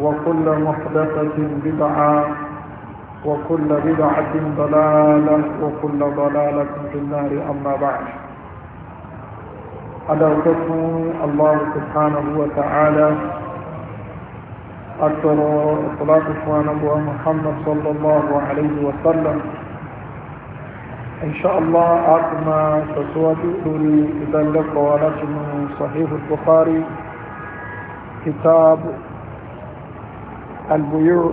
وكل محدثة بدعة وكل بدعة ضلالة وكل ضلالة في النار أما بعد ألا تكون الله سبحانه وتعالى أكثر صلاة إخوان أبو محمد صلى الله عليه وسلم إن شاء الله أعطنا فسوى أولي إذا لك ولكن صحيح البخاري كتاب البيوع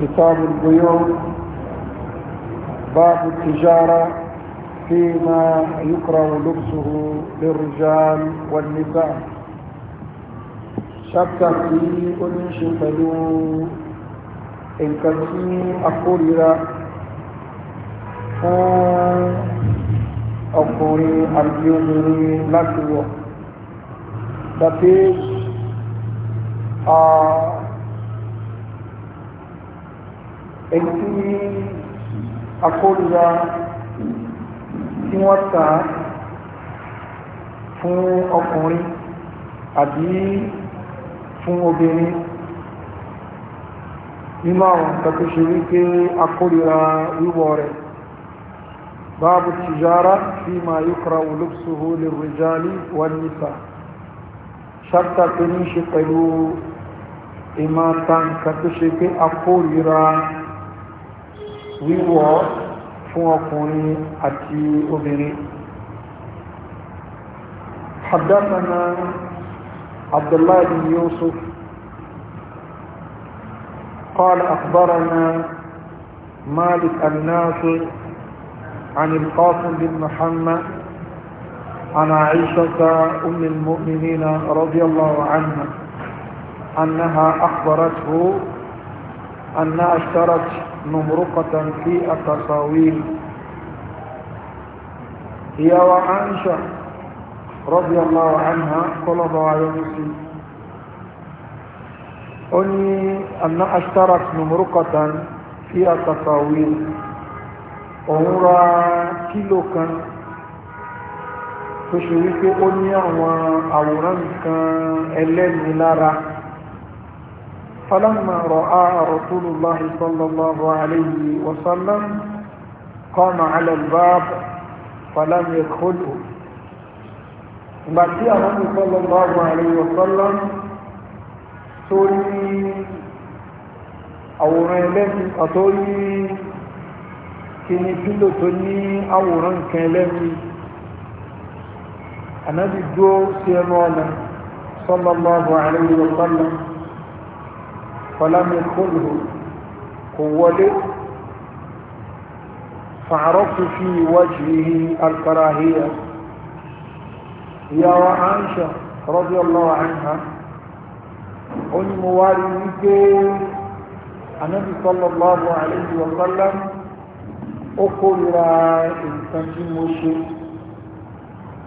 كتاب البيوع باب التجارة فيما يكره لبسه للرجال والنساء شابتر في كل شيء إن كان في أقول ọkùnrin àti obìnrin láti wọ̀ dàbí ẹ̀tí akóríra tí wọ́n ta fún ọkùnrin àbí fún obìnrin nínú àwọn nǹkan tó ṣe wípé akóríra wíwọ̀ rẹ̀ باب التجارة فيما يكره لبسه للرجال والنساء شرط تنيش قلو إما تنكتشي في أقوريرا ويوى فوقني أتي أبني حدثنا عبد الله بن يوسف قال أخبرنا مالك الناصر عن القاسم بن محمد عن عائشة أم المؤمنين رضي الله عنها أنها أخبرته أنها اشترت نمرقة في التصاوير هي وعائشة رضي الله عنها قال ضعيوسي أني أنها اشترت نمرقة في التصاوير òun ra kílò kan tó ṣe wípé ó ní àwọn àwòrán nǹkan ẹlẹ́ni lára falamma ra'a rasulullahi sallallahu alayhi wa sallam qama ala al-bab falam yadkhulhu ìgbà tí àwọn sallallahu alayhi wa tó ní àwòrán ẹlẹ́ni kí ni pílò tó ní àwòrán nǹkan ẹlẹ́mìí ànábì dúró sí ẹnu ọ̀nà sallallahu alayhi wa sallam falam yadkhulhu kò wọlé fa'araftu fi wajhihi al-karahiyya ìyá wa Aisha radiyallahu anha ó ní mo wá rí wípé ànábì sallallahu alayhi wa sallam ó kórìíra nǹkan tí mo ṣe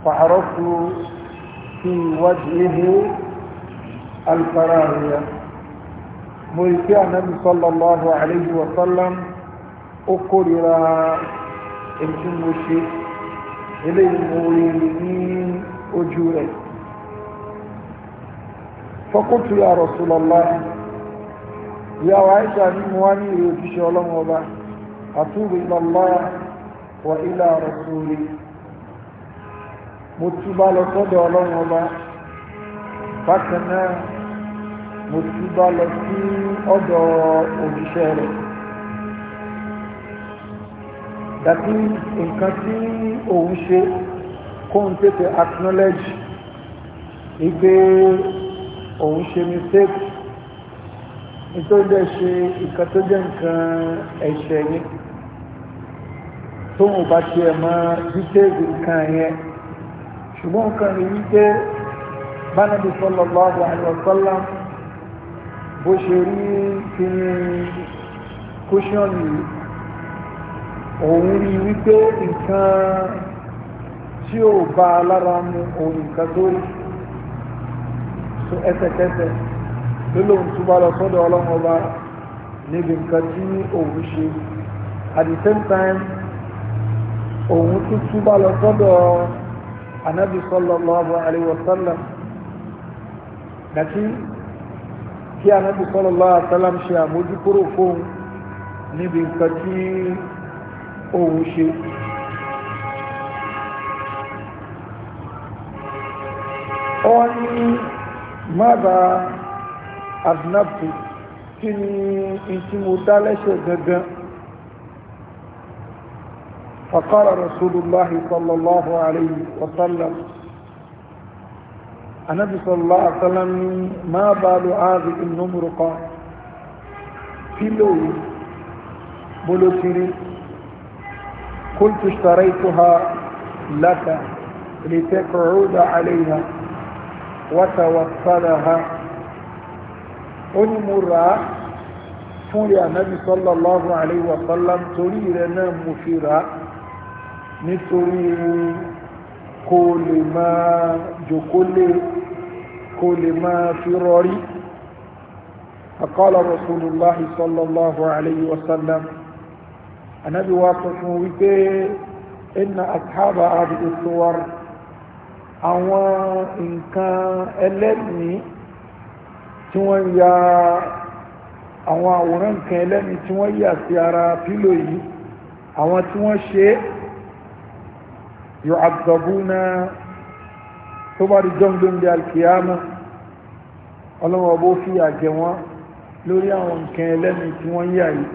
fàárọ́kù sí ìwádìí ehe alfara àríyá mo rí pé ànábì sallallahu alayhi wa sallam ó kórìíra èyí tí mo ṣe eléyìí mo rí ní ojú rẹ̀ faqultu ya ìyàwó àìsàn ni mo wá ní ìròyìn òṣìṣẹ́ ọlọ́run أتوب إلى الله وإلى رسوله متوبة لصدى الله وبا فكنا متوبة لسي أدى أبشاره dàbí nǹkan tí òun ṣe kóhun tètè acknowledge ìgbé òun ṣe mistake nítorí dẹ̀ ṣe nǹkan tó jẹ́ nǹkan ẹ̀ṣẹ̀ yìí tóun bá tiẹ̀ mọ dítéèdì nǹkan yẹn ṣùgbọ́n nǹkan rí wípé bánàbí sallallahu alaihi wasallam bó ṣe rí kí ni kúṣọ́ọ̀nù òun rí wípé nǹkan tí ó bá alára mu òun nǹkan tó rí so ẹsẹ̀kẹsẹ̀ ló lóun túbọ̀ lọ sọ́dọ̀ ọlọ́run ọba níbi nǹkan tí òun ṣe at the same time òun tún túbá lọ sọ́dọ̀ anábì sallallahu alaihi wasallam dàtí kí anábì sallallahu alaihi wasallam ṣe àmójúkúrò fóun níbi nǹkan tí òun ṣe ó ní mada adnabtu kí ni ìtí mo gangan فقال رسول الله صلى الله عليه وسلم النبي صلى الله عليه وسلم ما بال هذه النمرقة في لوي بلوتيري قلت اشتريتها لك لتقعد عليها وتوصلها انمر فولي النبي صلى الله عليه وسلم تريد أن مفيرها nítorí kó lè máa jòkólé kó lè máa fi rọrí àkọ́lọ̀ rasulullahi sallallahu alayhi wasallam anábi wa sọ fún wípé inna ashaba àdìdì suwar àwọn nǹkan ẹlẹ́mìí tí wọ́n ya àwọn àwòrán nǹkan ẹlẹ́mìí tí wọ́n yà sí ara pílò yìí àwọn tí wọ́n ṣe é yu'adzabuna tó bá di jọ́ngbọ́n di alkiyama ọlọ́wọ́ bó fi àjẹ wọn lórí àwọn nǹkan ẹlẹ́ni tí wọ́n yà yìí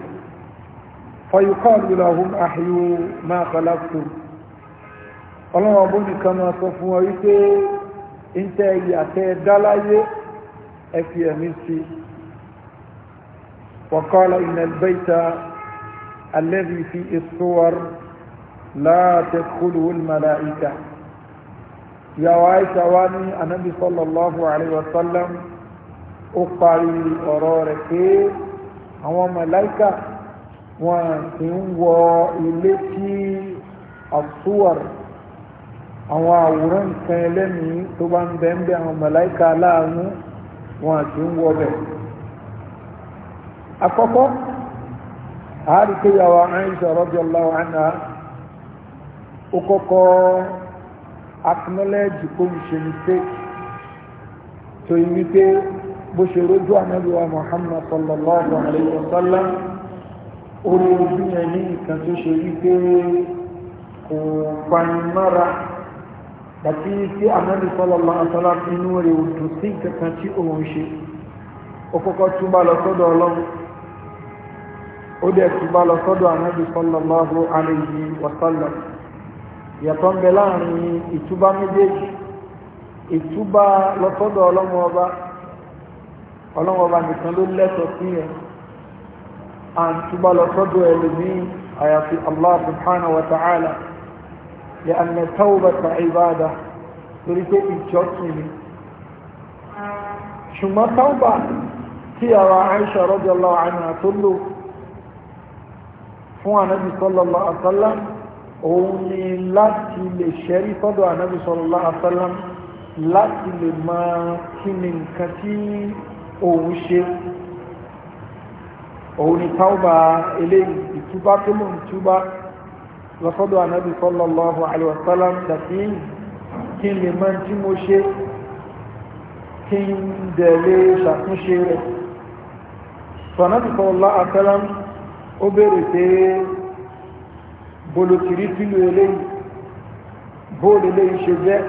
fayuqalu lahum ahyu ma khalaqtum ọlọ́wọ́ bó nìkan máa sọ fún ọ wípé ń tẹ́ ẹ̀yà dáláyé ẹ ẹ̀mí sí لا تدخله الملائكة يا عائشة واني النبي صلى الله عليه وسلم أقاري أرارك àwọn màláíkà wọn ti ń wọ ilé tí àtúwàr àwọn àwòrán nǹkan ẹlẹ́mìí tó bá ń bẹ ń bẹ àwọn màláíkà aláàánú wọn ti ń wọ bẹ̀. àkọ́kọ́ àárí kéyàwó Aisha radiyallahu anha ó kọ́kọ́ acknowledge kó ń ṣe mistake tó yí wípé bó ṣe rójú ànábì wa Muhammad sallallahu alayhi wa sallam orí ojú yẹn ní nǹkan tó ṣe wípé kò panimára àti tí ànábì sallallahu alayhi wa sallam inú rẹ̀ ò dùn sí nǹkan kan tí òun ṣe ó kọ́kọ́ túbá lọ sọ́dọ̀ ọlọ́run ó dẹ̀ túbá lọ sọ́dọ̀ ànábì sallallahu alayhi wa sallam ìyàtọ̀ ń bẹ láàrin ìtúbá méjèèjì ìtúbá lọ́sọ́dọ̀ ọlọ́mọ ọba ọlọ́mọ ọba nìkan ló lẹ́tọ̀ọ́ sí ẹ̀ à ń túbá lọ́sọ́dọ̀ ẹlòmíì àyàfi Allah subhanahu wa ta'ala yẹ àmì tawbata ibada torí pé ìjọsìn ni ṣùgbọ́n tawba tí àwọn Aisha radiyallahu anha tó lò fún ànábì sallallahu alaihi òun ni láti lè ṣẹ́rí tọ́dọ̀ ànábì sallallahu alaihi wasallam láti lè máa kí ni nǹkan tí òun ṣe òun ni tauba eléyìí ìtúbá tó mọ̀ ìtúbá lọ́sọ́dọ̀ ànábì sallallahu alaihi wasallam dàbí kí lè máa tí mo ṣe kí n dẹ̀lé ṣàtúnṣe rẹ̀ bolotiri pílò eléyìí bóòlù eléyìí ṣe jẹ́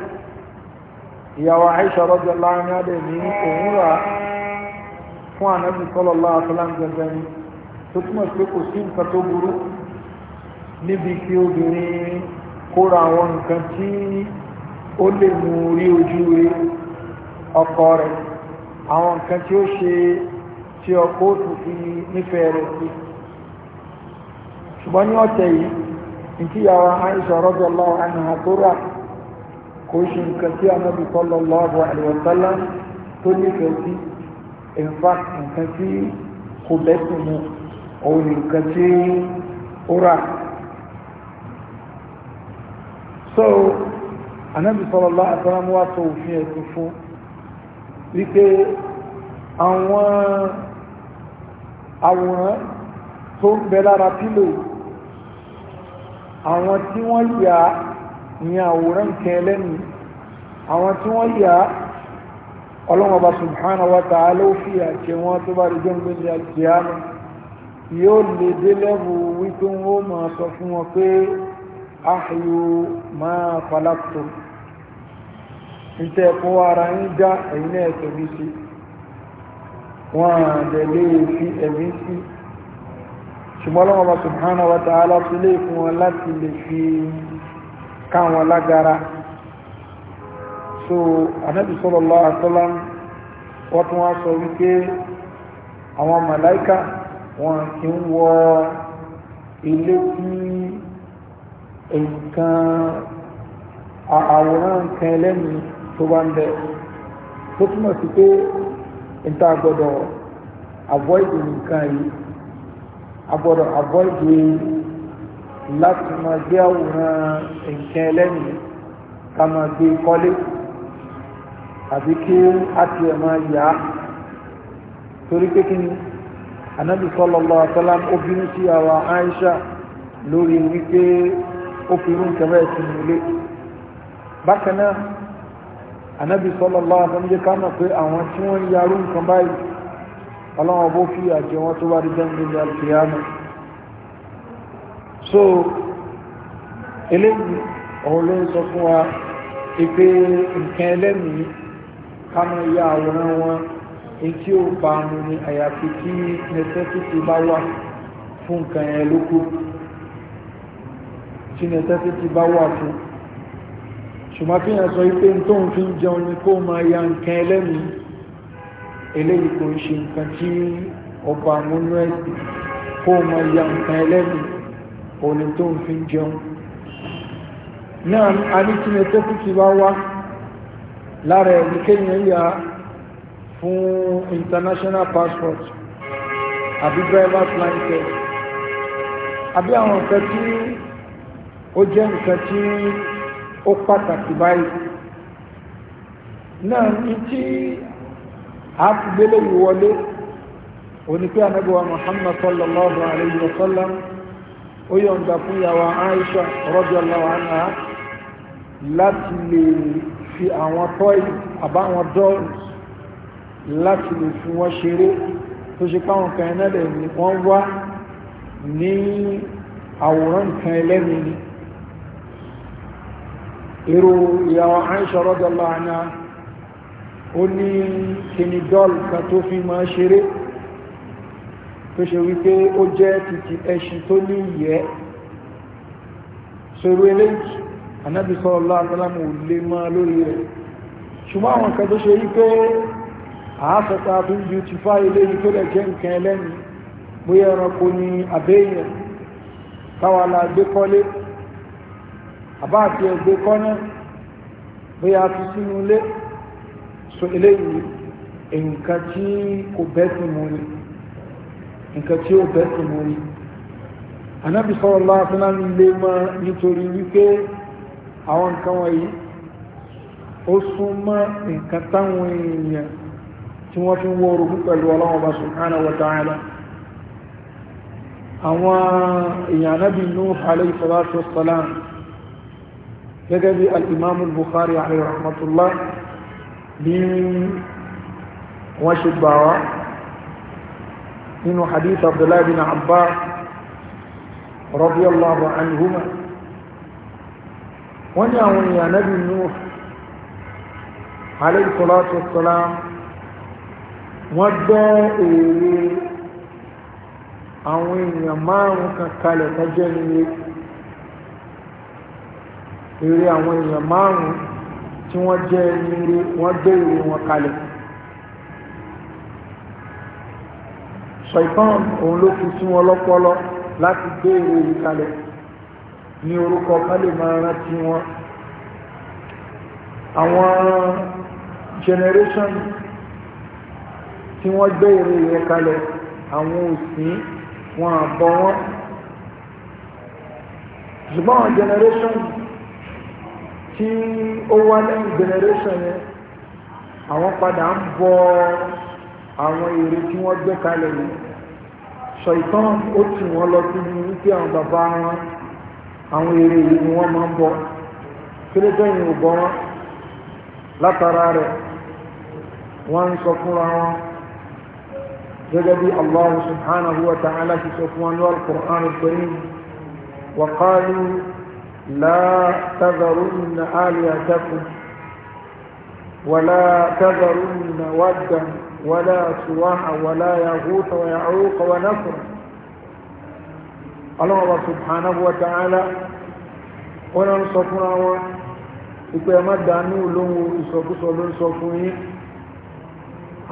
ìyàwó Aisha radiyallahu anha ní òun rà fún ànábì sallallahu alaihi wasallam ní tó túmọ̀ sí pé kò sí nǹkan tó burú níbi kí obìnrin kóra àwọn nǹkan tí ó lè mú rí ojú rí ọkọ rẹ̀ àwọn nǹkan tí ó ṣe tí ọkọ òtù fi nífẹ̀ẹ́ rẹ̀ sí ṣùgbọ́n ní ọ̀tẹ̀ yìí nítí yàrá Aisha radiyallahu anha tó rà kò ṣe nǹkan tí anábì sallallahu alaihi wasallam tó nífẹ̀ẹ́ sí in fact nǹkan tí kò bẹ́sùn mu òun nǹkan tí ó rà so anábì sallallahu alaihi wasallam wá sọ òfin ẹ̀sìn fún wípé àwọn àwòrán tó ń bẹ lára pílò àwọn tí wọ́n yà ní àwòrán kẹlẹ́nu àwọn tí wọ́n yà ọlọ́mọba subhanahu wa ta'ala ó fi àti wọn tó bá rí jọ́ngbé ní àjíyàmù yóò lè dé lẹ́bù wípé wọ́n máa sọ fún wọn pé ahyu ma khalaqtu ìtẹ́ ara ń já ẹ̀yìn ẹ̀tọ̀ bí sí wọ́n àdẹ̀lé fi ẹ̀mí sí ṣùgbọ́n lọ́wọ́ bá subhanahu wa ta'ala fi lè fún wọn láti lè fi káwọn lágara so anábì sallallahu alaihi wasallam wọ́n tún wá sọ wípé àwọn màláìka wọn kì ń wọ ilé tí nǹkan àwòrán nǹkan ẹlẹ́ni tó bá ń bẹ tó túmọ̀ sí pé ìta gbọ́dọ̀ avoid nǹkan yìí agbọ́dọ̀ àbọ́ìdì láti ma gbé àwòrán nǹkan ẹlẹ́ni ká ma gbé kọ́lé àbí kí a ti ẹ̀ ma yà á torí pé kí ni anábì sallallahu alaihi wasallam obìnrin sí àwa Aisha lórí wípé ó fi irú nǹkan rẹ̀ sínú ilé bákan náà anábì sallallahu alaihi wasallam jẹ́ ká mọ̀ pé àwọn tí wọ́n ń yarú nǹkan báyìí ọlọ́wọ́n bó fi àjẹ wọn tó bá rí jẹ́mìlẹ̀ alfiyama so eléyìí ọ̀hún ló ń sọ fún wa ìpé nǹkan ẹlẹ́mìí kámọ́ ìyá àwòrán wọn tí ó bá mú ní àyàfi tí necessity bá wà fún nǹkan ẹ̀ lókù tí necessity bá wà fún ṣùgbọ́n fi hàn sọ wípé tó ń fi jẹun ni kó máa ya nǹkan ẹlẹ́mìí eléyìí kò ṣe nǹkan tí ọba múnú ẹ̀sìn kó mọ ya nǹkan ẹlẹ́nu òní tó ń fi jẹun náà a ní kí ni tó kú ti wá wá lára ẹ̀rí kéèyàn fún international passport àbí driver's license àbí àwọn nǹkan tí ó jẹ́ nǹkan tí ó pàtàkì báyìí náà ní tí àfìgbélé ìwọlé onípé anábíwa muhammad sallallahu alayhi wa sallam ó yọ̀nda fún yàwó aisha radiyallahu anha láti lè fi àwọn tọ́ì àbáwọn dọ́ọ̀lù láti lè fi wọ́n ṣeré tó ṣe páwọn kan iná lè ní wọ́n wá ní àwòrán nǹkan ẹlẹ́mìí ni èrò ìyàwó aisha radiyallahu anha ó ní kíni dọ́ọ̀lù kan tó fi máa ṣeré tó ṣe wípé ó jẹ́ títí ẹṣin tó ní ìyẹ́ ṣòro eléyìí anábì sallallahu alaihi ò lè máa lórí rẹ̀ ṣùgbọ́n àwọn kan tó ṣe wípé àásọ̀ta tó ń beautify eléyìí tó lẹ̀ jẹ́ nǹkan ẹlẹ́ni bóyá ẹranko ni àbẹ́yẹn táwa la gbé kọ́lé àbá àti fi sínú so eléyìí nǹkan tí kò bẹ́ẹ̀tì mú ni nǹkan tí ó bẹ́ẹ̀tì mú ni anábì sallallahu alaihi wasallam lè mọ́ nítorí wípé àwọn nǹkan wọ̀nyí ó súnmọ́ nǹkan táwọn èèyàn tí wọ́n fi ń wọ orogún pẹ̀lú ọlọ́wọ́ bá subhanahu wa ta'ala àwọn èèyàn anábì Nuh alayhi salatu wassalam gẹ́gẹ́ bí al-imam alayhi rahmatullah bí wọ́n ṣe gbà wá nínú hadith abdullahi bin abbas radiyallahu anhuma wọ́n ní àwọn èèyàn náà bí nuh alayhi salatu wassalam wọ́n gbọ́ èrè àwọn èèyàn márùn-ún kan kalẹ̀ tọ́jẹ́ ní àwọn èèyàn márùn-ún tí wọ́n jẹ́ ẹni wọ́n gbé ìwé wọn kalẹ̀ ṣọ̀ìtàn òun ló fi sí wọn lọ́pọlọ láti gbé ìwé yìí kalẹ̀ ní orúkọ kálẹ̀ máa rántí wọn àwọn generation tí wọ́n gbé ìwé yẹn kalẹ̀ àwọn òsìn wọn àbọ̀ wọn ṣùgbọ́n generation tí ó wá lẹ́yìn generation yẹn àwọn padà ń bọ àwọn èrè tí wọ́n gbé kalẹ̀ yìí ṣọ̀ìtàn ó tì wọ́n lọ sí ní wípé àwọn bàbá wọn àwọn èrè yìí ni wọ́n máa ń bọ kílódéyìn ò bọ wọn látara rẹ̀ wọ́n ń sọ fúnra wọn gẹ́gẹ́ bí Allah subhanahu wa ta'ala ti sọ fún ní wa لا تذرن آلهتكم ولا تذرن ودا ولا سواع ولا يغوث ويعوق ونصر الله سبحانه وتعالى wọn ń sọ fúnra wọn ìpè ẹ má dànù lóhun ìsọkúsọ ló ń sọ fún yín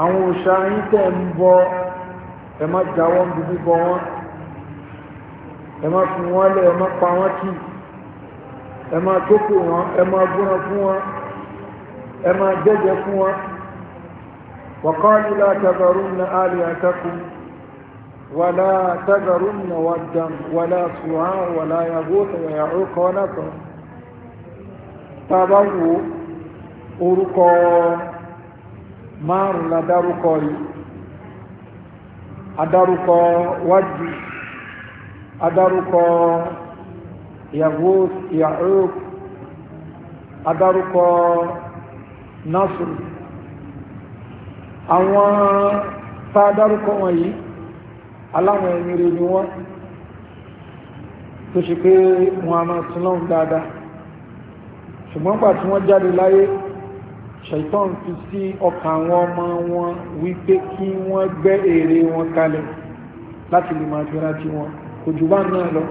àwọn bọ ẹ má já wọn bíbí bọ wọn ẹ má fi wọn lẹ ẹ má pa wọn kì ẹ máa tókò wọn ẹ máa gúnra fún wọn ẹ máa jẹ́jẹ́ fún wọn ta látàbàrún na àlìyàtàkùn wàlá tàbàrún na wàdàm wàlá sùhán wàlá yàgóta yàyàwó kọ́nàtàn tàbá wo orúkọ márùn ládárúkọ yìí adárúkọ wájú adárúkọ yaghus ya'uq adarúkọ nasr àwọn tá a dárúkọ wọn yìí aláwọn ẹni rẹ ni wọn tó ṣe pé wọn a máa sin lọ́hùn dáadáa ṣùgbọ́n pàtí wọ́n jáde láyé ṣaitan fi sí ọkàn àwọn ọmọ wọn wípé kí wọ́n gbẹ́ èrè wọn kalẹ̀ láti lè máa fi rántí wọn kò jù bá náà lọ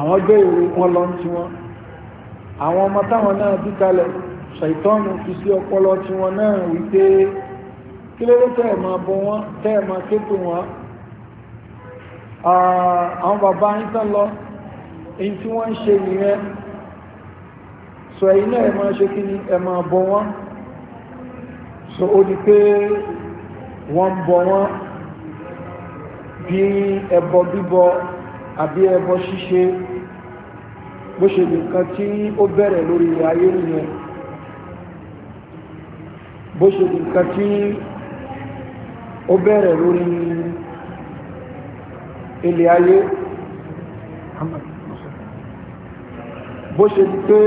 àwọn gbé ìrù wọn lọ tí wọn àwọn ọmọ táwọn náà bí kalẹ̀ ṣàìtọ́nù fi sí ọpọlọ tí wọn náà wípé kí lérò tẹ́ẹ̀ máa bọ wọn tẹ́ẹ̀ máa kéto wọn àwọn bàbá yín tán lọ èyí tí wọ́n ń ṣe nìyẹn sọ ẹ̀yìn náà ẹ máa ṣe kí ni ẹ máa bọ wọn so ó di pé wọ́n ń bọ wọn bí ẹbọ bíbọ àbí ẹbọ ṣíṣe bó ṣe nìkan tí ó bẹ̀rẹ̀ lórí ayé nìyẹn bó ṣe nìkan tí ó bẹ̀rẹ̀ lórí ilé ayé bó ṣe ní pé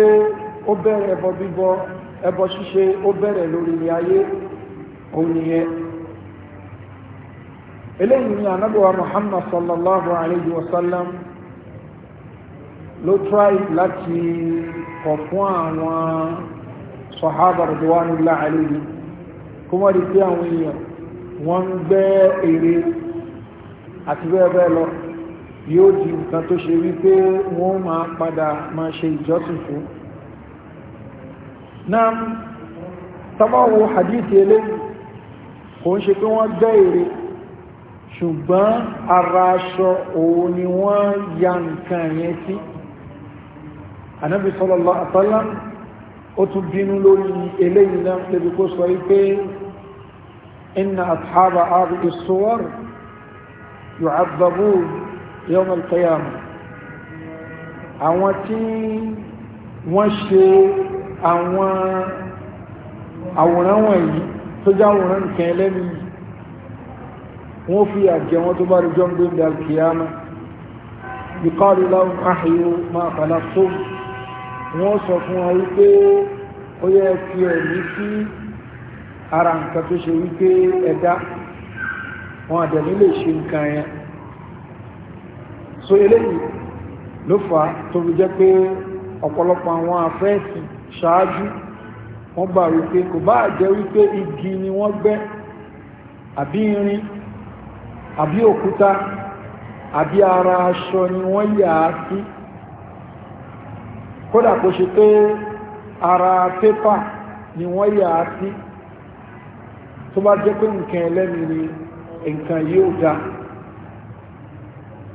ó bẹ̀rẹ̀ ẹbọ bíbọ ẹbọ ṣíṣe ó bẹ̀rẹ̀ lórí ayé òun nìyẹn eléyìí ni anábọ̀wá muhammad sallallahu alayhi wa sallam ló try láti kọ̀ fún àwọn sọ̀hábà rẹ̀dùwánilá alayhi kó wọ́n di pé àwọn èèyàn wọ́n ń gbẹ́ èrè àti bẹ́ẹ̀ bẹ́ẹ̀ lọ yóò di nǹkan tó ṣe wípé wọ́n máa padà máa ṣe ìjọsìn fún náà tabawo hadith eléyìí kò ń ṣe pé wọ́n gbẹ́ èrè ṣùgbọ́n ara aṣọ òun ni wọ́n ya nǹkan yẹn sí anábì sallallahu alaihi wasallam ó tún bínú lórí eléyìí náà lẹ́bi kó sọ wípé inna ashaba hadhihi as-suwar yu'adhabun yawm al-qiyamah àwọn tí wọ́n ṣe àwọn àwòrán wọ̀nyí tó jáwòrán nǹkan ẹlẹ́mìí wọ́n fi àjẹ́ wọn tó bá rí jọ́n gbé ní alkiyama yuqalu lahum ahyu ma khalaqtum wọ́n sọ fún wọn wípé ó yẹ fi ẹ̀mí sí ara nǹkan tó ṣe wípé ẹ̀dá wọn àdẹ̀mí lè ṣe nǹkan yẹn so eléyìí ló fà á tó fi jẹ́ pé ọ̀pọ̀lọpọ̀ àwọn afẹ́ẹ̀sì ṣáájú wọ́n gbà wípé kò bá jẹ́ wípé igi ni wọ́n gbẹ́ àbí irin àbí òkúta àbí ara aṣọ ni wọ́n yà á sí kódà kò ṣe pé ara pépà ni wọ́n yà á sí tó bá jẹ́ pé nǹkan ẹlẹ́mi ni nǹkan yóò dá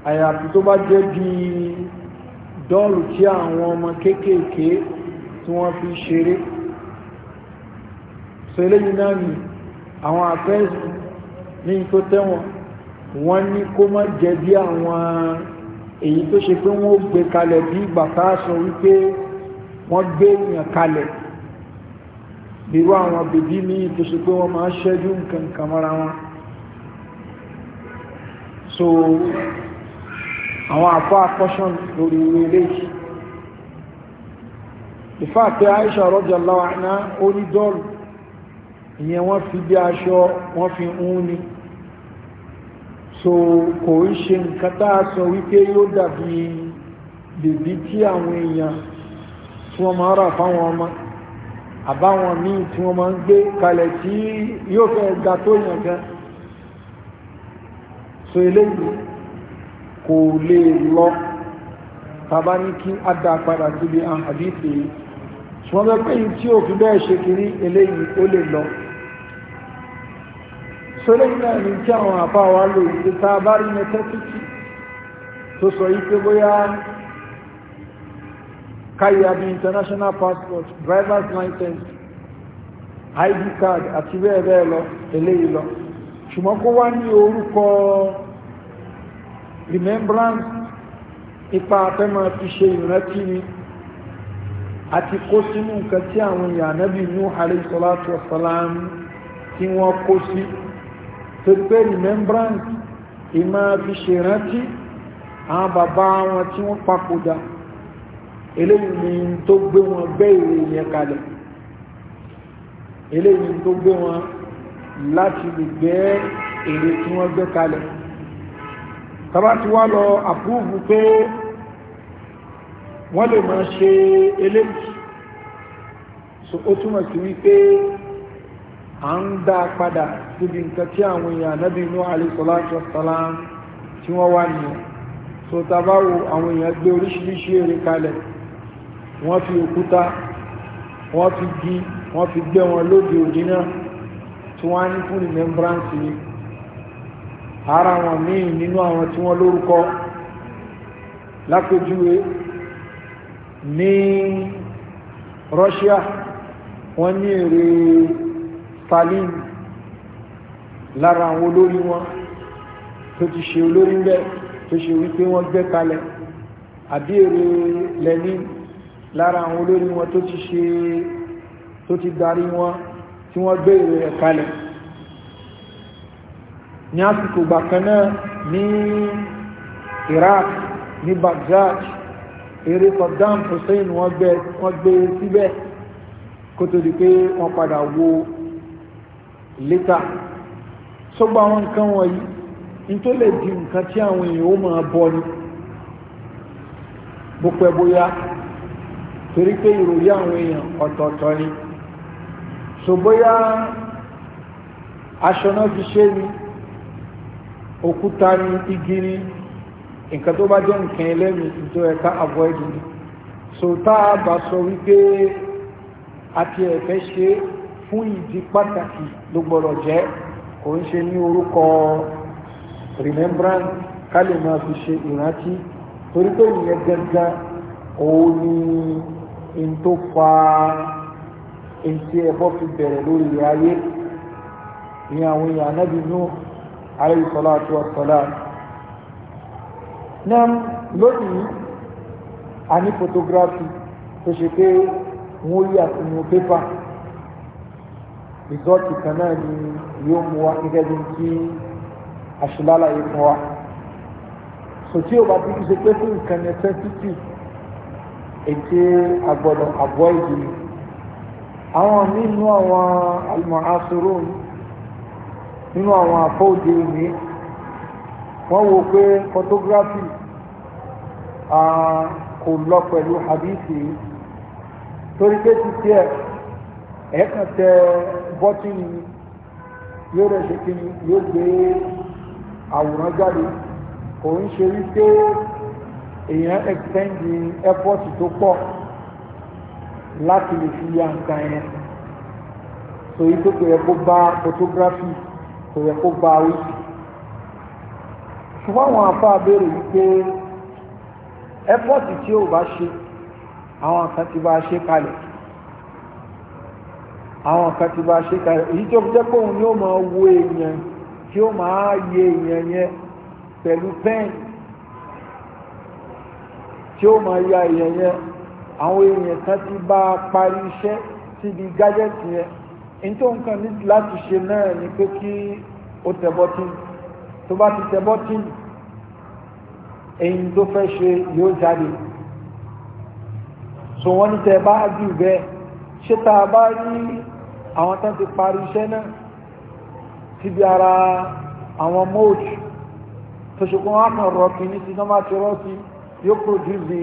àyàfi tó bá jẹ́ bí dọ́ọ̀lù tí àwọn ọmọ kéékèèké tí wọ́n fi ṣeré so eléyìí náà ni àwọn àfẹ́sì ní tó tẹ́wọ̀n wọ́n ní kó má jẹ bí àwọn èyí tó ṣe pé wọ́n gbé kalẹ̀ bí bàbá sọ wípé wọ́n gbé èèyàn kalẹ̀ bírú àwọn bèbí míì tó ṣe pé wọ́n máa ṣẹ́jú nǹkan kan mọ́ra wọn so àwọn àfọ́ akọ́ṣọ́n lórí ilé yìí ìfáàtẹ́ Aisha radiyallahu anha ó ní dọ́ọ̀lù ìyẹn wọ́n fi bí aṣọ wọ́n fi ń ní so kò ń ṣe nǹkan tá a sọ wípé yóò dàbí bèbí tí àwọn èèyàn tí wọ́n máa rà fáwọn ọmọ àbáwọn míì tí wọ́n máa ń gbé kalẹ̀ tí yóò fẹ́ ga tó yàn gan so eléyìí kò lè lọ tàbá ní kí á dá padà síbi àhàdí ìpè ṣùgbọ́n bẹ́ẹ̀ pé tí òfin bẹ́ẹ̀ ṣe kiri eléyìí ó lè lọ sọlẹ́ iná ní kí àwọn àbá wa lò ìdí tá a bá rí necessity tó sọ yí bóyá káyé àbí international passport driver's license id card àti bẹ́ẹ̀ bẹ́ẹ̀ lọ eléyìí lọ ṣùgbọ́n kó wá ní orúkọ remembrance ipa afẹ́mọ́ fi ṣe ìrántí ni àti kó sínú nǹkan tí àwọn èèyàn ànábì Nuh tí wọ́n kó sí torí pé remembrance ìmá fi ṣe rántí àwọn bàbá wọn tí wọ́n papòdà eléyìí ni tó gbé wọn bẹ́ ìwé yẹn kalẹ̀ eléyìí tó gbé wọn láti lè gbẹ́ èrè tí wọ́n gbé kalẹ̀ tàbá ti wá lọ àpúrúfù pé wọ́n lè máa ṣe eléyìí so ó túnmọ̀ sí wípé à ń dá padà síbi nǹkan tí àwọn èèyàn nábì inú àlesọ́láṣọ sàlám tí wọ́n wà nìyẹn so tabawo àwọn èèyàn gbé oríṣiríṣi èrè kalẹ̀ wọ́n fi òkúta wọ́n fi gi wọ́n fi gbé wọn lóde òdì náà tí wọ́n á ní fún remembrance ni ara wọn míì nínú àwọn tí wọ́n lórúkọ lápèjúwe ní Russia wọ́n ní èrè talim lára àwọn olórí wọn tó ti ṣe olórí ńbẹ tó ṣe wípé wọ́n gbé kalẹ̀ àbí èrè Lenin lára àwọn olórí wọn tó ti ṣe tó ti darí wọn tí wọ́n gbé èrè rẹ̀ kalẹ̀ ní àsìkò ìgbà kan náà ní Iraq ní Baghdad èrè Saddam Hussein wọ́n gbé síbẹ̀ kó tó di pé wọ́n padà wo later sọgbà àwọn nǹkan wọ̀nyí ní tó lè di nǹkan tí àwọn èèyàn ó máa bọ ni bó pẹ́ bóyá torí pé ìròyìn àwọn èèyàn ọ̀tọ̀ọ̀tọ̀ ni so bóyá aṣọ náà fi ṣe ni òkúta ni igi ni nǹkan tó bá jẹ́ nǹkan ẹlẹ́mìí tó ẹ̀ka avoid ni so tá a bá sọ wípé a ti ẹ̀fẹ́ ṣe é fún ìdí pàtàkì ló gbọ́dọ̀ jẹ́ kò ń ṣe ní orúkọ remembrance ká lè máa fi ṣe ìrántí torí pé ìyẹn gẹ́gẹ́ òun ni in tó fa in tí ẹbọ fi bẹ̀rẹ̀ lórí ayé ní àwọn èèyàn anábì Nuh alayhi salatu wassalam náà lónìí a ní photography tó ṣe pé wọ́n yà sínú pépà rìsọ́ọ̀tì kan náà ni yóò mú wa gẹ́gẹ́ bí kí aṣọlálà yìí fún wa sòtí ò bá ti ṣe pé fún nǹkan ní sẹ́ńtítì ètè agbọ́dọ̀ àbọ̀ ìdí àwọn nínú àwọn alùmọ̀ásọ̀rọ̀ nínú àwọn àfọ́òdì òní wọ́n wo pé photography kò lọ pẹ̀lú hadithi torí pé ti tiẹ̀ ẹ̀ẹ̀kan tẹ bọ́tìnì yóò rẹ̀ ṣe kíni yóò gbé àwòrán jáde kò ń ṣe wípé èèyàn ẹ̀kẹ́ndì ẹ́fọ́ọ̀tì tó pọ̀ láti lè fi ya nǹkan yẹn so yìí tó kò yẹ kó bá photography kò yẹ kó bá wí. ṣùgbọ́n àwọn afá béèrè wípé ẹ́fọ́ọ̀tì tí ò bá ṣe àwọn kan ti bá ṣe kalẹ̀ àwọn kan ti bá ṣe kalẹ̀ èyí tó jẹ́ pé òun yóò máa wo èèyàn tí ó máa yẹ èèyàn yẹn pẹ̀lú pẹ́ẹ̀n tí ó máa ya èèyàn yẹn àwọn èèyàn kan ti bá parí iṣẹ́ síbi gájẹ́tì yẹn ní nǹkan láti ṣe náà ni pé kí ó tẹ bọ́tìn tó bá ti tẹ bọ́tìn èyí tó fẹ́ ṣe yóò jáde so wọ́n ní tẹ bá jù bẹ́ẹ̀ ṣé tá a bá rí àwọn tán ti parí iṣẹ́ náà síbi ara àwọn mold tó ṣe kún wọn kàn rọ kìíní sí tán bá ti rọ sí yóò produce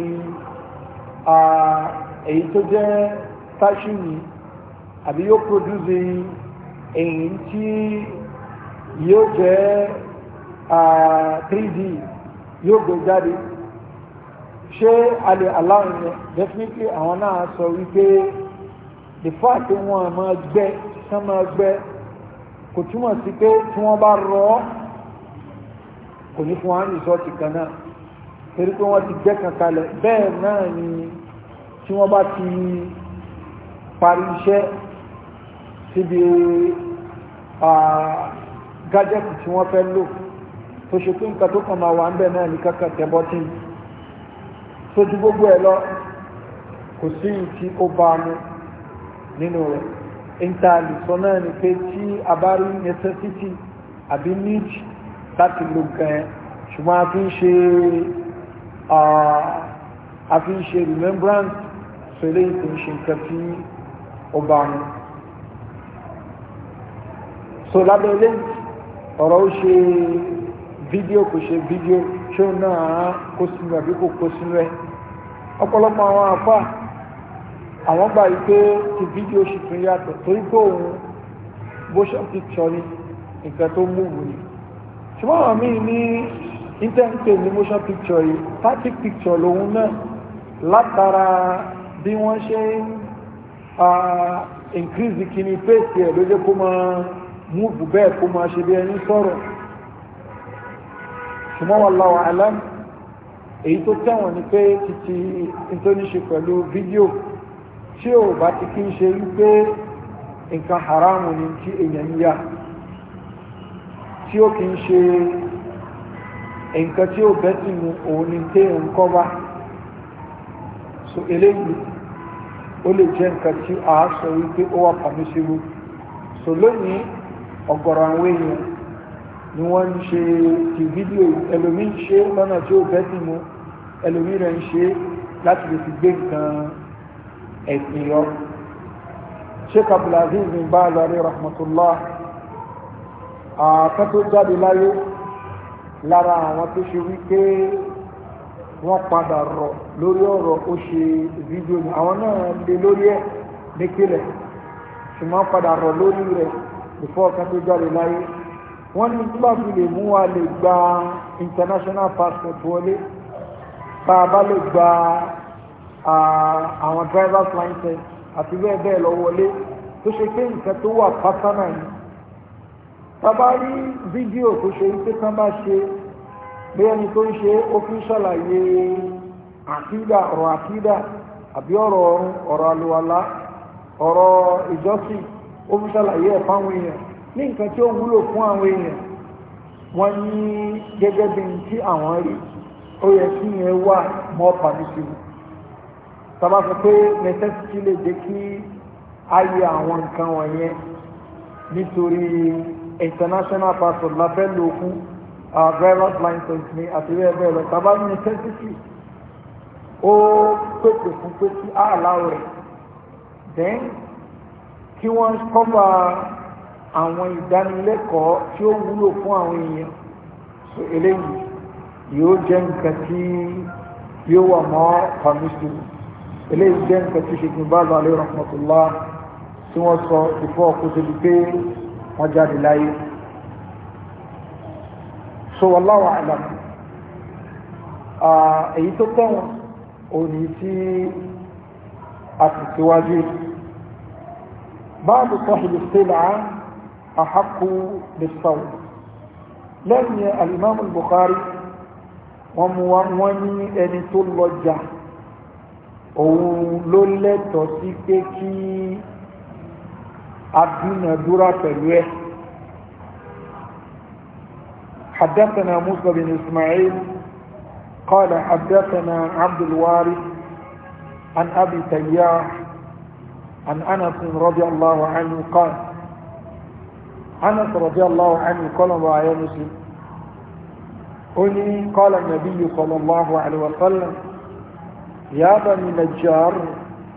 èyí tó jẹ́ táṣù àbí yóò produce èyí tí yóò jẹ́ 3d yóò gbé jáde ṣé a aláwọ̀ yẹn definitely àwọn náà sọ wípé the fact wọn máa gbẹ kán máa gbẹ kò túmọ̀ sí pé tí wọ́n bá rọ ọ́ kò ní fún wa ní ìsọ́ọ̀tì kan náà torí pé wọ́n ti gbẹ́ kan kalẹ̀ bẹ́ẹ̀ náà ni tí wọ́n bá ti parí iṣẹ́ síbi gájẹ́tì tí wọ́n fẹ́ lò tó ṣe pé nǹkan tó kàn máa wà ń bẹ̀ náà ní kankan tẹ̀bọ́tì tó ju gbogbo ẹ̀ lọ kò sí ìtì ó bá a mú nínú rẹ̀ ìntàlì sọ náà ni pé tí a bá rí necessity àbí need láti lo gan ṣùgbọ́n a fi ń ṣe a fi ń ṣe remembrance sọ eléyìí tó ń ṣe nǹkan tí ó bá wọn so lábẹ́ eléyìí ọ̀rọ̀ ó ṣe fídíò kò ṣe fídíò ṣó náà kó sínú àbí kò kó sínú ẹ ọ̀pọ̀lọpọ̀ àwọn àfáà àwọn gbà yìí pé ti fídíò ṣì tún yàtọ̀ torí pé òun motion picture ni nǹkan tó múwù ni ṣùgbọ́n àwọn ní intanpe ní motion picture yìí static picture lòun náà látara bí wọ́n ṣe ń increase kìíní pace ẹ̀ ló jẹ́ kó máa múùbù bẹ́ẹ̀ kó máa ṣe bí ẹni sọ̀rọ̀ ṣùgbọ́n wallahu alam èyí tó tẹ̀wọ̀n ni pé títí nítorí ṣe pẹ̀lú fídíò tí ò bá ti kí ń ṣe wípé nǹkan haramu ni tí èèyàn ń yá tí ó kì ń ṣe nǹkan tí ó bẹ́ sí mu òun ni tí ń kọ́ bá so eléyìí ó lè jẹ́ nǹkan tí a sọ wípé ó wà pàmísíwú so lónìí ọ̀gọ̀rọ̀ àwọn èèyàn ni wọ́n ń ṣe ti fídíò ẹlòmí ń ṣe lọ́nà tí ó bẹ́ sí mu ẹlòmí rẹ̀ ń ṣe láti lè fi gbé nǹkan ẹ̀sìn yọ sheikh abdulaziz bin baz alayhi rahmatullah àtọ́ tó jáde láyé lára àwọn tó ṣe wípé wọ́n padà rọ̀ lórí ọ̀rọ̀ ó ṣe fídíò ní àwọn náà lè lórí ẹ̀ nípìnlẹ̀ ṣùgbọ́n padà rọ̀ lórí rẹ̀ before ọ̀kan tó jáde láyé wọ́n ní nígbà tí lè mú wa lè gba international passport wọlé bá a bá lè gba àwọn driver's license àti bẹ́ẹ̀ bẹ́ẹ̀ lọ wọlé tó ṣe pé nǹkan tó wà pátánà ni tábà rí fídíò tó ṣe wípé tán bá ṣe bí ẹni tó ń ṣe ó fi ń ṣàlàyé àkídà ọ̀rọ̀ àkídà àbí ọ̀rọ̀ ọ̀run ọ̀rọ̀ àlùwàlá ọ̀rọ̀ ìjọsìn ó fi ṣàlàyé ẹ̀ fáwọn èèyàn ní nǹkan tí ó wúlò fún àwọn èèyàn wọ́n ní gẹ́gẹ́ bí tí àwọn rí ó yẹ kí yẹn wà mọ́ pàmìtìmù sábà sọ pé necessity lè jẹ́ kí ayé àwọn nǹkan wọ̀nyẹn nítorí international passport la fẹ́ lò fún our driver's license ni àti bẹ́ẹ̀ bẹ́ẹ̀ lọ sábà ní necessity ó pèpè fún pé kí àláwọ̀ rẹ̀ then kí wọ́n kọ́ba àwọn ìdánilẹ́kọ̀ọ́ tí ó wúlò fún àwọn èèyàn so eléyìí yóò jẹ́ nǹkan tí yóò wà mọ́ permissible eléyìí jẹ́ nǹkan tí ṣègùn bá lọ alẹ́ rahmatullah tí wọ́n sọ ìfọ́ ọkùnrin ti pé wọ́n jáde láyé so wallahu a'lam èyí tó tẹ̀wọ̀n òní tí a sì síwájú báàbù sahib sílá àhàkù lẹ́sàwọ̀ lẹ́yìn al-imam al mú wọ́n ní ẹni tó lọ jà òun ló lẹ́tọ̀ọ́ sí pé kí adúnàdúrà pẹ̀lú ẹ̀ حدثنا موسى بن إسماعيل قال حدثنا عبد الوارث عن أبي تياح عن أنس رضي الله عنه قال أنس رضي الله عنه قال وعيان مسلم قال النبي صلى الله عليه وسلم يا بني نجار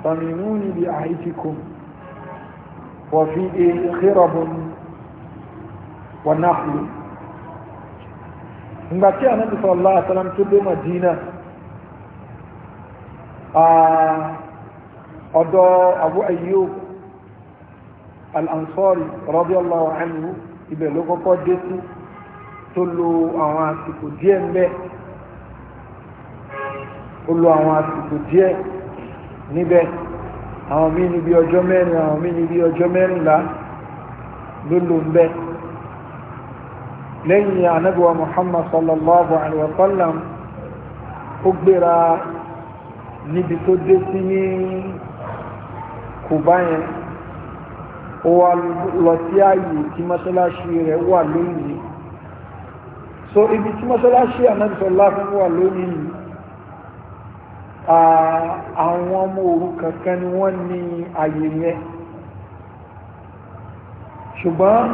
طمنوني بأعيتكم وفيه خرب ونحل nígbà tí ànábì sallallahu alaihi wasallam tó dé Madina ọ̀dọ̀ Abu Ayyub al-Ansari radiyallahu anhu ibẹ̀ ló kọ́kọ́ dé sí tó lo àwọn àsìkò díẹ̀ ó lo àwọn àsìkò díẹ̀ níbẹ̀ àwọn míì níbi ọjọ́ mẹ́rin àwọn míì níbi ọjọ́ mẹ́rìnlá ló lò ń bẹ́ lẹ́yìn anábíwá muhammad sallallahu alaihi wa sallam ó gbéra níbi tó dé sí ní kùbá yẹn ó wá lọ sí ààyè tí mọ́ṣáláṣí rẹ̀ wà lónìí so ibi tí mọ́ṣáláṣí anábíwá sallallahu alaihi wa sallam wà lónìí àwọn ọmọ òrukàn kan ni wọ́n ní àyè yẹn ṣùgbọ́n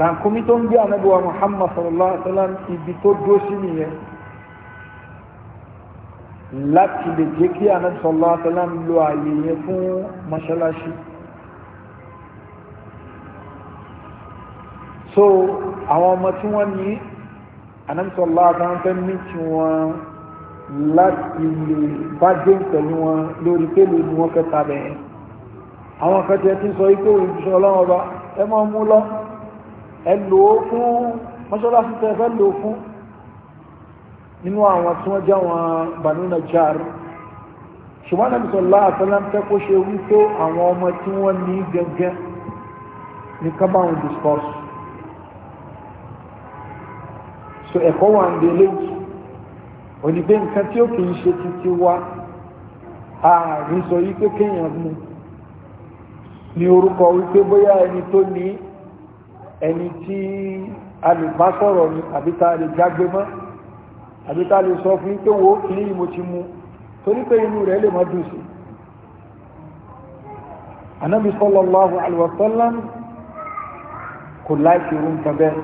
rànkúmí tó ń gbé ànábíwá Muhammad sallallahu alaihi wa sallam ibi tó dó sí nìyẹn láti lè jẹ́ kí ànábí sallallahu alaihi wa lo àyè yẹn fún mọ́ṣáláṣí so àwọn ọmọ tí wọ́n ní ànábí sallallahu alaihi wa fẹ́ mí tí wọ́n láti lè bá dé pẹ̀lú wọn lórí pélé ni wọ́n fẹ́ ta bẹ̀rẹ̀ àwọn kan tiẹ̀ ti sọ wípé òyìnbíṣọ́ ọlọ́run ọba ẹ máa mú lọ ẹ lò ó fún mọ́ṣáláṣí tẹ fẹ́ lò ó fún nínú àwọn tí wọ́n já wọn Banu Najjar ṣùgbọ́n náà sọ láàfẹ́lá ń fẹ́ kó ṣe wípé àwọn ọmọ tí wọ́n ní gẹ́gẹ́ ní kábàáwọn discourse so ẹ̀kọ́ wà ń onígbé nǹkan tí ó kì í ṣe títí wá ààrin sọ yí pé kéèyàn mú ní orúkọ wípé bóyá ẹni tó ní ẹni tí a lè bá sọ̀rọ̀ ni àbí tá a lè jágbe mọ́ àbí tá lè sọ fún pé wo kí ni mo ti mu torí pé inú rẹ̀ lè má dùn sí anábì sallallahu alaihi wasallam kò láìsí irú bẹ́ẹ̀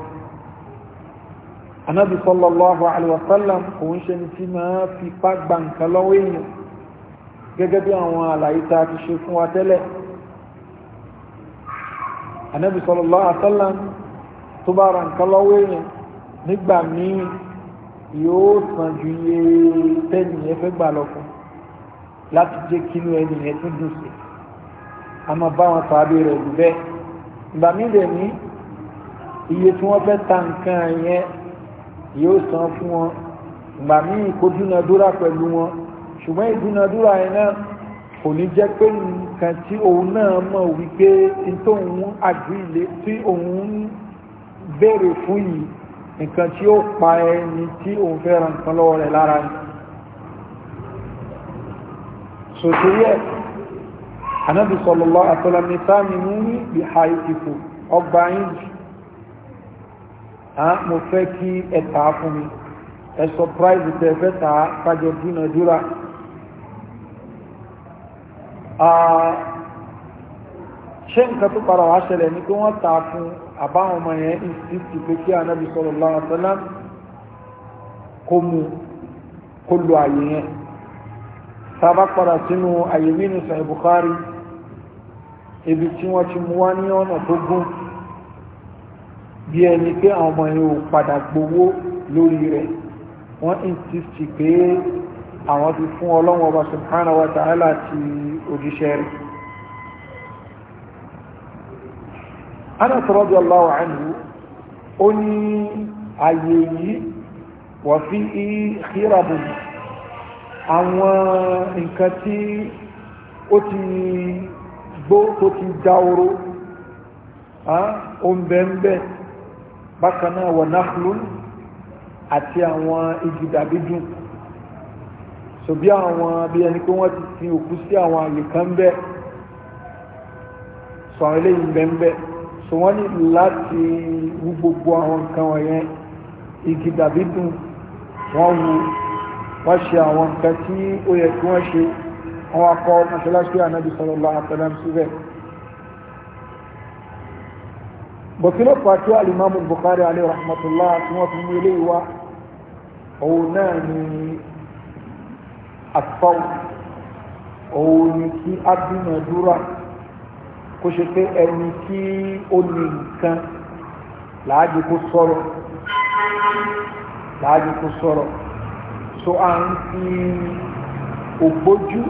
anábì sallallahu alaihi wa sallam òun ṣe ní tí máa fi pá gba nǹkan lọ́wọ́ èèyàn gẹ́gẹ́ bí àwọn àlàyé tá a ti ṣe fún wa tẹ́lẹ̀ anábì sallallahu alaihi wa sallam tó bá ra nǹkan lọ́wọ́ èèyàn nígbà míì yóò sàn ju iye tẹ́nìyàn fẹ́ gbà lọ fún láti jẹ́ kínú ẹnìyàn tún dùn sí a máa bá wọn pàdé rẹ̀ jù bẹ́ẹ̀ ìgbà míì dẹ̀ ní iye tí wọ́n fẹ́ ta nǹkan yẹn yóò san fún wọn ìgbà míì kó dúnadúrà pẹ̀lú wọn ṣùgbọ́n ìdúnadúrà yẹn náà kò ní jẹ́ pé nǹkan tí òun náà mọ̀ wípé tó òun àgbìlé tí òun béèrè fún yìí nǹkan tí ó pa ẹni tí òun fẹ́ ra nǹkan lọ́wọ́ rẹ̀ lára ni sòtúrí ẹ̀ anábì sallallahu alaihi wasallam ní sáàmì mú ní ìhà ìfò ọgbà yìí mo fẹ́ kí ẹ tà á fún mi ẹ sọpráìsì tẹ fẹ́ tà á kájọ dúnadúrà ṣé nǹkan tó padà wá ṣẹlẹ̀ ní pé wọ́n tà á fún àbáwọn ọmọ yẹn ìsìtì pé kí anábì sallallahu alaihi wasallam kó mu kó lo àyè yẹn sábà padà sínú àyè mínú sahih Bukhari ibi tí wọ́n ti mú wá ní ọ̀nà tó gùn bí ẹni pé àwọn ọmọ yẹn ò padà gbowó lórí rẹ̀ wọ́n insist pé àwọn ti fún ọlọ́wọ́n ọba subhanahu wa ta'ala ti òjíṣẹ́ rẹ̀ Anas radiyallahu anhu ó ní ààyè yìí wà fi khirabun àwọn nǹkan tí ó ti gbó tó ti dáoró ah, ó ń bẹ́ẹ̀ bẹ́ẹ̀ bákan náà wọ náflún àti àwọn igi dàbí dùn so bí àwọn bí ẹni pé wọ́n ti sin òkú sí àwọn àyè kan bẹ́ẹ̀ so àwọn eléyìí bẹ́ẹ̀ bẹ́ẹ̀ so wọ́n ní láti wú gbogbo àwọn nǹkan wọ̀nyẹn igi dàbí dùn wọ́n wú wọ́n ṣe àwọn nǹkan tí ó yẹ kí wọ́n ṣe wọ́n akọ mọ́ṣáláṣí ànábì sallallahu alaihi wasallam síbẹ̀ bọ̀kílò pàtó alìmọ́mù Bukhari alayhi rahmatullah tí wọ́n fi mú ilé ìwá òun náà ni asfaw òun ni kí abdulmadura kó ṣe pé ẹni kí ó ní nǹkan láàájú so à ń fi ògbójú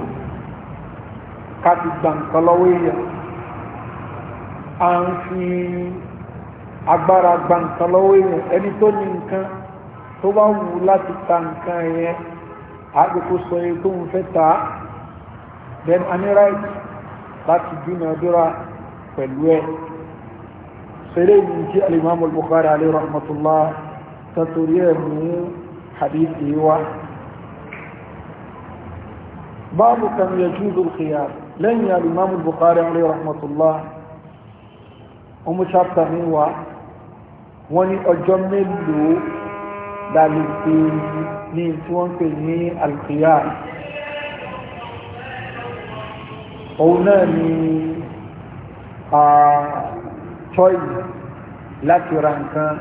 ká fi ń fi agbára gba nǹkan lọ́wọ́ èèyàn ẹni tó ní nǹkan tó bá wù láti ta nǹkan yẹn àgbẹ̀kó sọ èyí tó ń fẹ́ ta then anirite láti dúnàádúrà pẹ̀lú ẹ̀ sẹ́lẹ̀ yìí tí alimami Bukhari alayhi rahmatullah tàtòrí ẹ̀ mú hadithi wa báàbù kan yajuzu al-khiyar lẹ́yìn alimami Bukhari alayhi rahmatullah ọmọ ṣàtàmí wa wọ́n ní ọjọ́ mélòó dàlùkù ní tí wọ́n pè ní alùpùyà òun náà ni choice láti ra nǹkan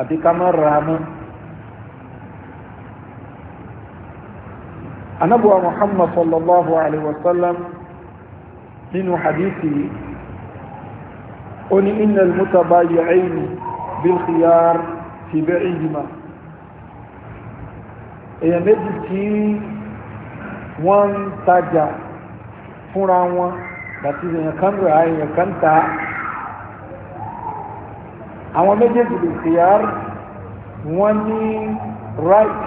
àbí ká má ra mọ́ anabuwa muhammad sallallahu alaihi wasallam nínú hadithi ó ní innal mutabayyi'aini بالخيار في بيعهما èyàn méjì tí wọ́n ń tajà fúnra wọn àti èyàn kan rà èyàn kan tà àwọn méjèèjì lè khiyar wọ́n ní right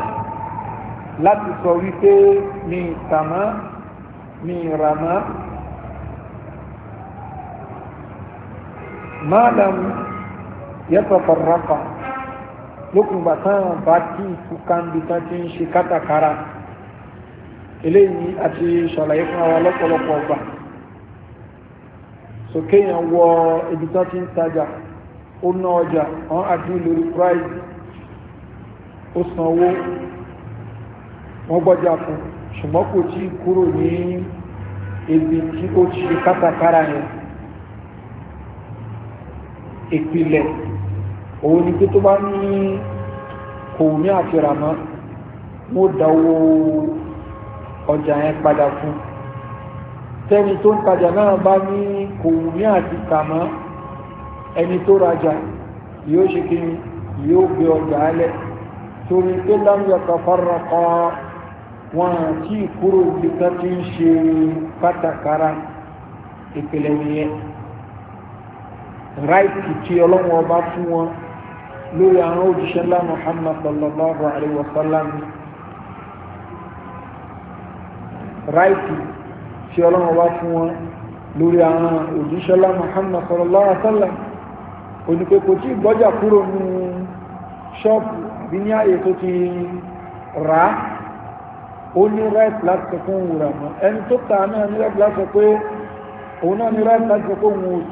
láti sọ wípé mi tàmá mi ràmá yẹtọ̀fọ̀rọ̀kọ̀ lókùngbà táwọn bá tí ìfúkàndì tán ti ń ṣe kátàkárà eléyìí àti ṣàlàyé fún àwọn lọ́pọ̀lọpọ̀ ọgbà sókè yẹn wọ ibi tán ti ń tajà ó ná ọjà wọn àti lórí price ó san owó wọn gbọ́jà fún ṣùgbọ́n kò tí kúrò ní ibi tí ó ti ṣe kátàkárà yẹn ìpìlẹ̀ òun ni pé tó bá ní kòwúmí àti ràmọ́ mo dáwó ọjà yẹn padà fún tẹ́ni tó ń tajà náà bá ní kòwúmí àti kàmọ́ ẹni tó rajà yóò ṣe kí ni yóò gbé ọjà alẹ́ torí pé lámúyà kàfàrà kan wọn àti ìkúrò ìgbésẹ̀ tí ń ṣe kátàkárà ìpìlẹ̀ nìyẹn ráìtì tí ọlọ́wọ́n ọba fún wọn lórí àwọn òjíṣẹ́ ńlá muhammad sallallahu alayhi wa sallam ráìtì tí ọlọ́run wá fún wọn lórí àwọn òjíṣẹ́ ńlá muhammad sallallahu alayhi wa sallam onípe kò tí gbọ́jà kúrò ní ṣọ́ọ̀bù àbí ní ààyè tó ti rà á ó ní ráìtì láti sọ fún wùrà ẹni tó ta náà ní ráìtì láti sọ pé òun náà ní ráìtì láti sọ pé òun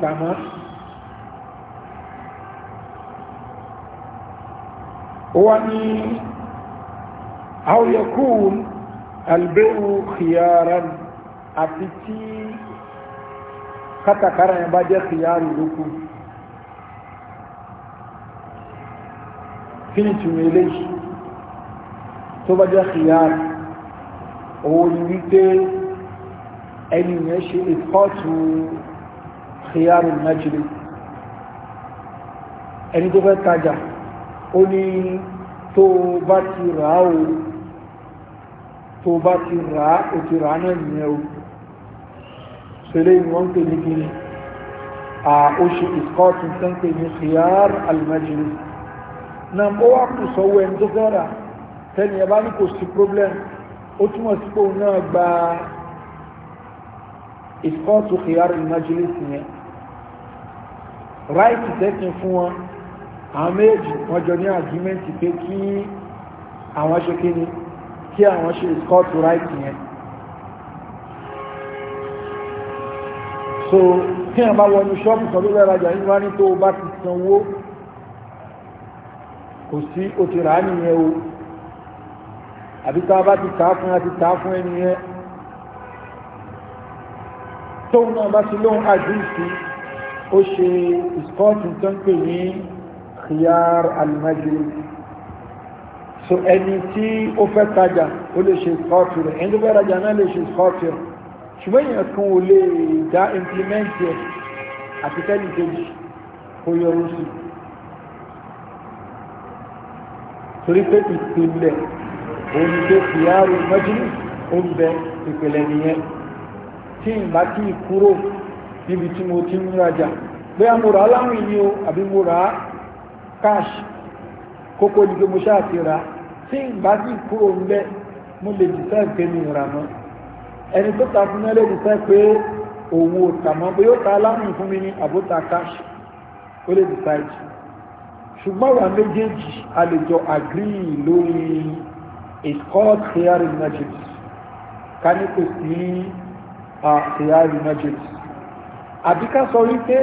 wani au yakun albewu khiyaran àti tí kátàkárà yẹn bá jẹ́ khiyaru lókù kí ni tùmí eléyìí tó bá jẹ́ khiyaru òun ni wípé ẹni yẹn ṣe ìkọ́tù khiyaru majlis ẹni tó fẹ́ tajà ó ní tó bá ti rà á o tó bá ti rà á o ti rà á náà nìyẹn o ṣẹlẹ̀ ìwọ̀n ń pè ní kí ni àóṣe ìskọ́tún tó ń pè ní khiyar almajlis náà ó wá kù sọ́wọ́ ẹni tó fẹ́ rà ẹ bá ní kò sí problem ó túmọ̀ sí pé òun náà gba ìskọ́tún khiyar almajlis yẹn ráìtì tẹ́kìn fún wọn àwọn méjì wọ́n jọ ní àgímẹ́ntì pé kí àwọn ṣe kí ni kí àwọn ṣe ìskọ́tù ráìtì yẹn so kí àwọn bá wọnú ṣọ́pù kan tó lẹ́ra jà nínú wá ní tó bá ti sanwó kò sí ó ti rà á nìyẹn o àbí tá a bá ti tàá fún àti tàá fún ẹniyẹn tóun náà bá ti lóun àdúrà sí ó ṣe ìskọ́tù tó ń pè ní khiyar al-majlis so ẹni tí ó fẹ́ tajà ó lè ṣe kọ́ọ̀tù rẹ̀ ẹni tó fẹ́ rajà náà lè ṣe kọ́ọ̀tù ṣùgbọ́n èèyàn kan ò lè dá implement ẹ̀ àti tẹ́lì kejì kó yọrù sí torí pé ìpìlẹ̀ òun pé khiyar al-majlis ó ń bẹ ìpìlẹ̀ nìyẹn tí ìgbà tí kúrò níbi tí mo ti ń rajà bóyá mo rà á láwìn ni o àbí mo rà á cash kókó ní pé mo ṣáà ti ra tí n bá sì kúrò ń bẹ́ mo lè decide pé mi rà mọ́ ẹni tó ta fún mi lè decide pé òun ò tà mọ́ bóyá ó ta alámì fún mi ní àbóta cash ó lè decide ṣùgbọ́n wà méjèèjì a lè jọ agree lórí ìkọ́ tẹ́yàrí majid ká ní kò sí tẹ́yàrí majid àbíká sọ wípé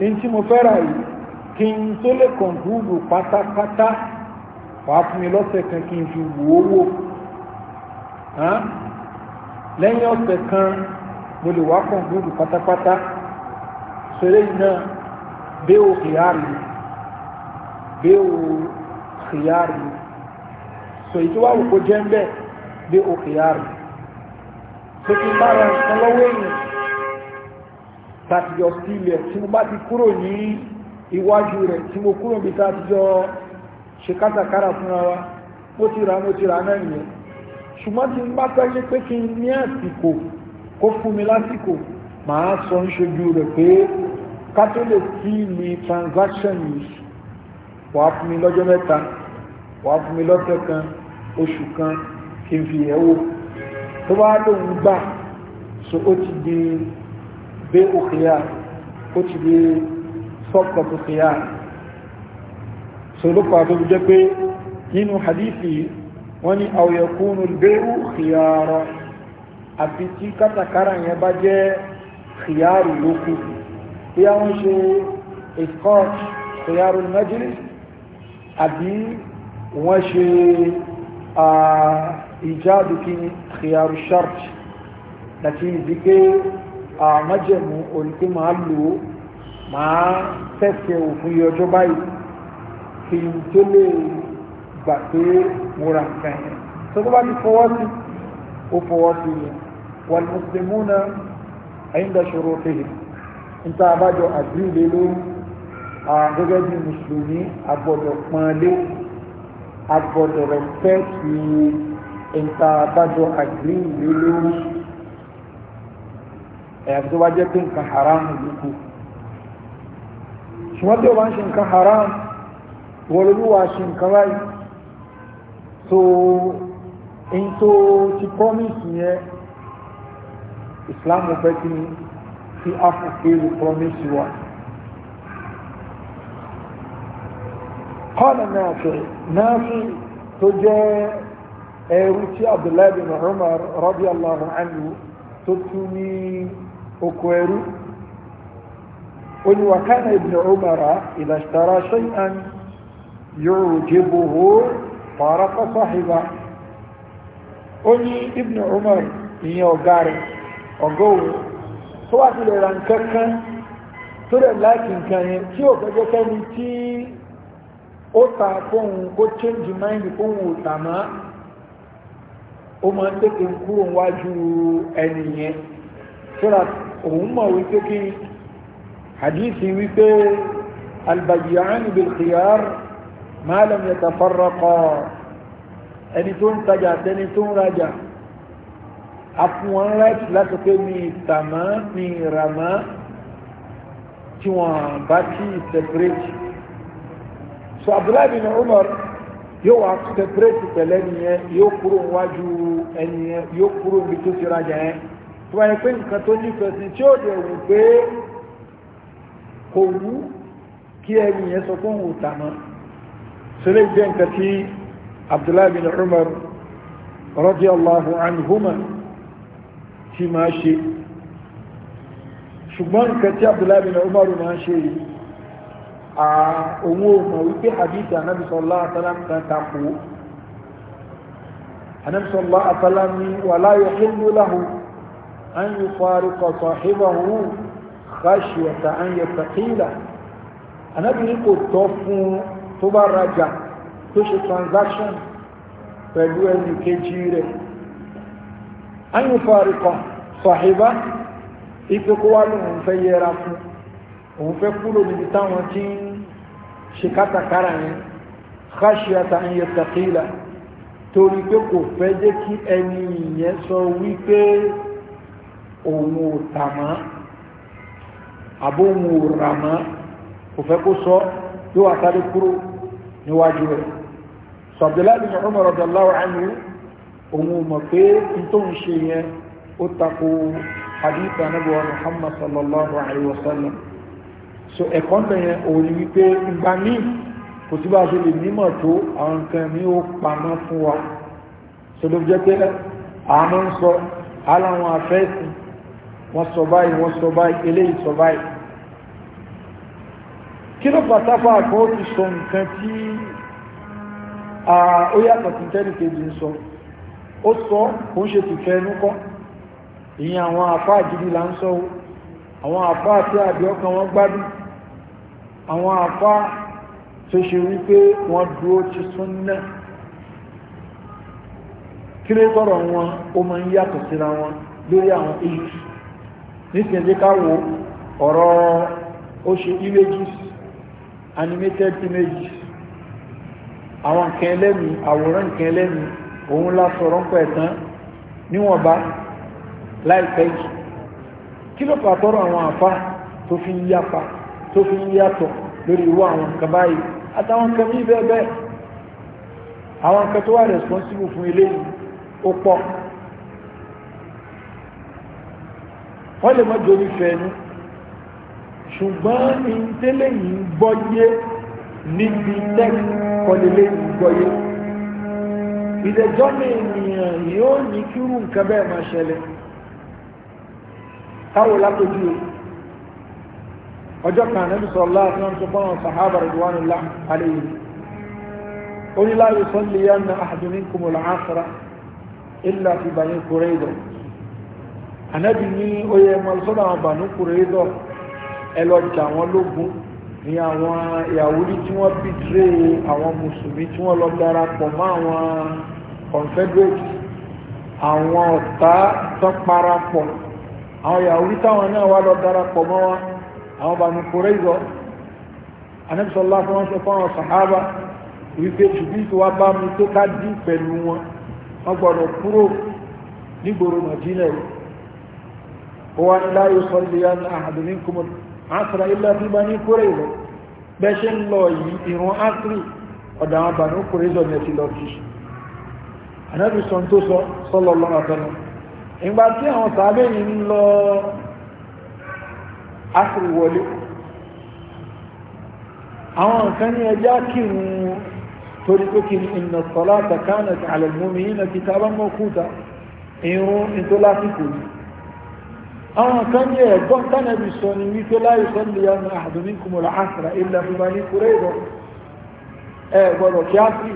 ní tí mo fẹ́ ra yìí kí n tó lè kọ̀ǹkúrù pátápátá wàá fún mi lọ́sẹ̀ kan kí n fi wò ó wò lẹ́yìn ọ̀sẹ̀ kan mo lè wá kọ̀ǹkúrù pátápátá sọ̀rọ̀ yìí náà bẹ́ẹ̀ ò kìyàrí bẹ́ẹ̀ o kìyàrí sọ èyí tó wà wò kó jẹ́ ń bẹ́ẹ̀ bẹ́ẹ̀ ò kìyàrí tó ti bá ra nǹkan lọ́wọ́ èèyàn tàbí ọ̀sìn ilẹ̀ tí mo bá ti kúrò ní iwájú rẹ̀ tí mo kúrò bí tá ti jọ ṣe kátàkárà fúnra wa mo ti rà mo ti rà náà nìyẹn ṣùgbọ́n tí bá fẹ́ pé kí n ní àsìkò kó fún mi lásìkò màá sọ ń ṣojú rẹ̀ pé ká tó lè ni transaction yìí wàá fún mi lọ́jọ́ mẹ́ta wàá fún mi lọ́sẹ̀ kan oṣù kan kí n fi yẹ̀ tó bá lóun gbà so ó ti di bẹ́ òkèèyà ó ti di sọ́pọ̀ tó fi yá sọ́lọ́pàá tó jẹ́ pé nínú hadithi wọ́n ni àwòyẹ̀kúnnù bẹ́rù khiyara àfi tí kátàkárà yẹn bá jẹ́ khiyaru lókù tí a wọ́n ṣe iskọ́t khiyaru majlis àbí wọ́n ṣe ìjáàdù kí ni àti ìdíké àmájẹ̀mú olùkú máa lò máa tẹ̀sẹ̀ òfin yìí ọjọ́ báyìí kí n tó lè gbà pé mo ra nǹkan yẹn tó tó bá ti fọwọ́ sí ó fọwọ́ sí yẹn wà ní mùsùlùmí náà ẹ̀yìn dàṣọ̀rọ̀ òkèlè ń tá a bá jọ àdúrà lé lórí gẹ́gẹ́ bí mùsùlùmí agbọ́dọ̀ pọn lé agbọ́dọ̀ rẹ̀ fẹ́ kí ẹ̀ǹta àbájọ àgbéyìnlé lórí ẹ̀yà tó bá jẹ́ pé nǹkan haram lóko ṣùgbọ́n tí ó bá ń ṣe nǹkan haram wọlúwà ṣe nǹkan láì so in tó ti promise yẹn islam fẹ́ kí ni fi afọ̀kẹ́lù promise wa قال نافع نافع تجاه ẹ̀rùtí abdullahi bin umar radiyallahu anhu tó tún ní okò ẹ̀rù قل وكان ابن عمر إذا اشترى شيئا يعجبه فارق صاحبه قل ابن عمر ìyẹn ọ̀gá rẹ̀ ọ̀gọ́ òun tó wá sí lè ra nǹkan kan tó rẹ̀ láìkì nǹkan yẹn tí ò fẹ́ jẹ́ kẹ́ni tí ó ta fóun kó change mind fóun ò tà mọ́ ó máa ń tètè kúrò wájú ẹni yẹn so that òun mọ̀ wípé kí hadithi wípé albayyani bilkhiyar malam yatafarraqa ẹni tó ń tajà àtẹni tó ń rajà afún wọn right láti pé mi tàmá mi ràmá tí wọn bá tí separate so abdullahi bin umar yóò wá separate pẹ̀lẹ́ nìyẹn yóò kúrò wájú ẹnìyẹn yóò kúrò níbi tó ti rajà yẹn tó wáyé pé nǹkan tó nífẹ̀ẹ́ sí tí ó dẹ̀ wù pé kò wú kí ẹni yẹn sọ fún òun tà mọ́ sílé jẹ́ nǹkan tí abdullahi bin umar radiyallahu anhuma tí máa ṣe ṣùgbọ́n nǹkan tí abdullahi bin umar máa ṣe yìí òun ò mọ̀ wípé hadith anabi sallallahu alaihi wasallam kan takò anabi sallallahu sahibahu khashiyata an yastaqila ànábì ní kò tọ́ fún tó bá rajà tó ṣe transaction pẹ̀lú ẹni kejì rẹ̀ an yufariqa sahiba ipe kó wá lóun fẹ́ yẹra fún òun fẹ́ kúrò níbi táwọn tí ń ṣe kátàkárà yẹn khashiyata an yastaqila torí pé kò fẹ́ jẹ́ kí ẹni ìyẹn sọ wípé òun ò tà àbóhun òràmá kò fẹ́ kó sọ yóò wà sáré kúrò níwájú rẹ̀ sọ̀bdẹ̀láàbí Umar radiyallahu anhu òun mọ̀ pé n tó ń ṣe yẹn ó tako hadith anabuwa Muhammad sallallahu alaihi wasallam so ẹ̀kọ́ bẹ̀yẹn òun ni wípé ìgbà míì kò sí bá a ṣe lè nímọ̀ tó àwọn nǹkan ní ó pamọ́ fún wa ṣe ló jẹ́ pé àmọ́ ń sọ aláwọn afẹ́sìn wọ́n sọ báyìí wọ́n sọ báyìí eléyìí sọ báyìí kí ló pàtàkì àkọ́ ti sọ nǹkan tí ó yàtọ̀ tí tẹ́nìkejì ń sọ ó sọ kò ń ṣe tìfẹ́ ẹnu kọ́ ìyẹn àwọn àfáà gidi là ń sọ o àwọn àfáà tí àbí ọkàn wọn gbádùn àwọn àfáà tó ṣe wípé wọ́n dúró ti sún náà kí ló tọrọ wọn ó máa ń yàtọ̀ síra wọn lórí àwọn èyí nísìnyí káwò ọ̀rọ̀ ó ṣe images animated images àwọn nǹkan ẹlẹ́mìí àwòrán nǹkan ẹlẹ́mìí òun la sọ̀rọ̀ ń pẹ̀ tán níwọ̀nba láìpẹ́ yìí kí ló fà àwọn àfa tó fi ń yapa tó fi ń yàtọ̀ lórí irú àwọn nǹkan báyìí àtàwọn nǹkan bí bẹ́ẹ̀ bẹ́ẹ̀ àwọn nǹkan tó wà responsible fún eléyìí ó pọ̀ wọ́n lè mọ́ jórí fẹ́nu ṣùgbọ́n ní tẹ́lẹ̀ yìí gbọ́yé níbi tẹ́lẹ̀ kọlẹ̀lẹ̀ yìí gbọ́yé ìdẹ̀jọ́ ní ènìyàn yóò ní kírù nǹkan bẹ́ẹ̀ máa ṣẹlẹ̀ táwò látòjú ọjọ́ kan nẹ́bí sọ̀lá àti wọn tó fọ́nà sàhábà rẹ̀ wà nílá àlẹ́yìn oníláyò sọ́lẹ̀ yánà àdùnnínkùmọ̀lá àṣírà ilẹ̀ àti bàyẹ̀ kúrẹ́ ìdọ̀rọ̀ ànábì ní oyè mọ́lẹ́sọ́dọ̀ àwọn bànú kùrẹ́dọ̀ ẹ lọ jà wọ́n lógun ní àwọn yahudi tí wọ́n bìtìrè àwọn mùsùlùmí tí wọ́n lọ darapọ̀ mọ́ àwọn confederate àwọn ọ̀tá tó parapọ̀ àwọn yahudi táwọn náà wá lọ darapọ̀ mọ́ wọn àwọn bànú kùrẹ́dọ̀ ànábì sọlá fún wọn sọ fún àwọn sàhábà wípé ṣùgbọ́n tí wọ́n bá mi tó ká dín pẹ̀lú wọn wọ́n gbọ́dọ̀ kúrò nígboro màdínà yìí هو أن لا يصلي أن أحد منكم العصر إلا في بني كريظة بشن لوي إنو عصري ودعا بنو كريظة نتي لوكيش النبي صلى الله عليه وسلم ìgbà tí àwọn sàábẹ̀ yìí ń lọ àṣírí wọlé àwọn nǹkan ní ẹjá kírun torí pé kí ni inna salata kanat ala al-mu'minina kitaban mawquta ìrún ìtọ́lásìkò yìí àwọn kan ní ẹ̀gbọ́n tánàbí sọ ni wípé láyé sọ́lù ya ní àdùnnínkùnmọ̀lá àṣírà ilẹ̀ fúnbà ní kúrẹ́ ìrọ̀ ẹ gbọ́dọ̀ kí á sí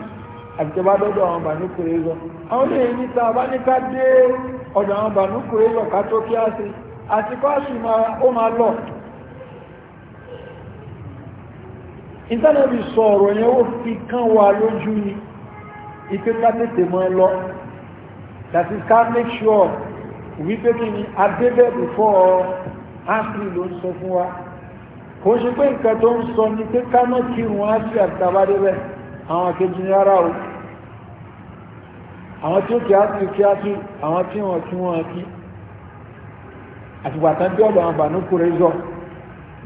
àtìjọba dọ́dọ̀ àwọn bà ní kúrẹ́ ìrọ̀ àwọn lè ní ta bá ní ká dé ọ̀dọ̀ àwọn bà ní kúrẹ́ ìrọ̀ ká tó kí á sí àti kọ́ sí ó máa lọ ìtánàbí sọ ọ̀rọ̀ yẹn ó fi kán wa lójú ni ìpé ká tètè mọ́ lọ wípé kí ni adébẹ̀bù fọ́ ọ ápì ló ń sọ fún wa kò ṣe pé nǹkan tó ń sọ ni pé ká náà kí wọn á sí àtàbádé bẹ àwọn akéjì ní ara o àwọn tí ó kí á sí kí á sí àwọn tí wọn kí wọn kí àtìgbà tán bí ọ̀dọ̀ àwọn àbànúkúrẹ́ zọ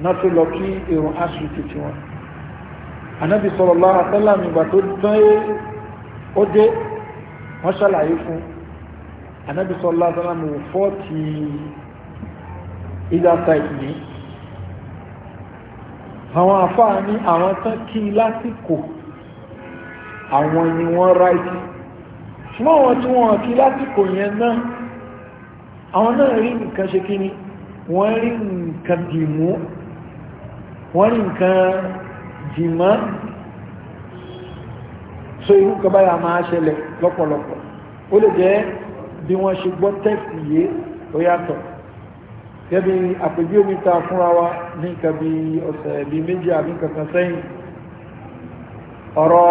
náà tó lọ kí èrò áṣù títí wọn anábì sallallahu alaihi wasallam ìgbà tó tán ó dé wọ́n ṣàlàyé fún un anabi sọlá sọlámù fọ́ọ̀tì either side ní àwọn àfáà ní àwọn tán kí lásìkò àwọn ni wọ́n ráìtì ṣùgbọ́n àwọn tí wọ́n kí lásìkò yẹn náà àwọn náà rí nǹkan ṣe kí ni wọ́n rí nǹkan dìmú wọ́n rí nǹkan dìmọ́ so irú kan báyà máa ṣẹlẹ̀ lọ́pọ̀lọpọ̀ ó lè jẹ́ bí wọ́n ṣe gbọ́ tẹ́ẹ̀sì yé ó yàtọ̀ gẹ́bí àpèjú omi ta fúnra wa ní nǹkan bí ọ̀sẹ̀ bí méjì àbí kankan sẹ́yìn ọ̀rọ̀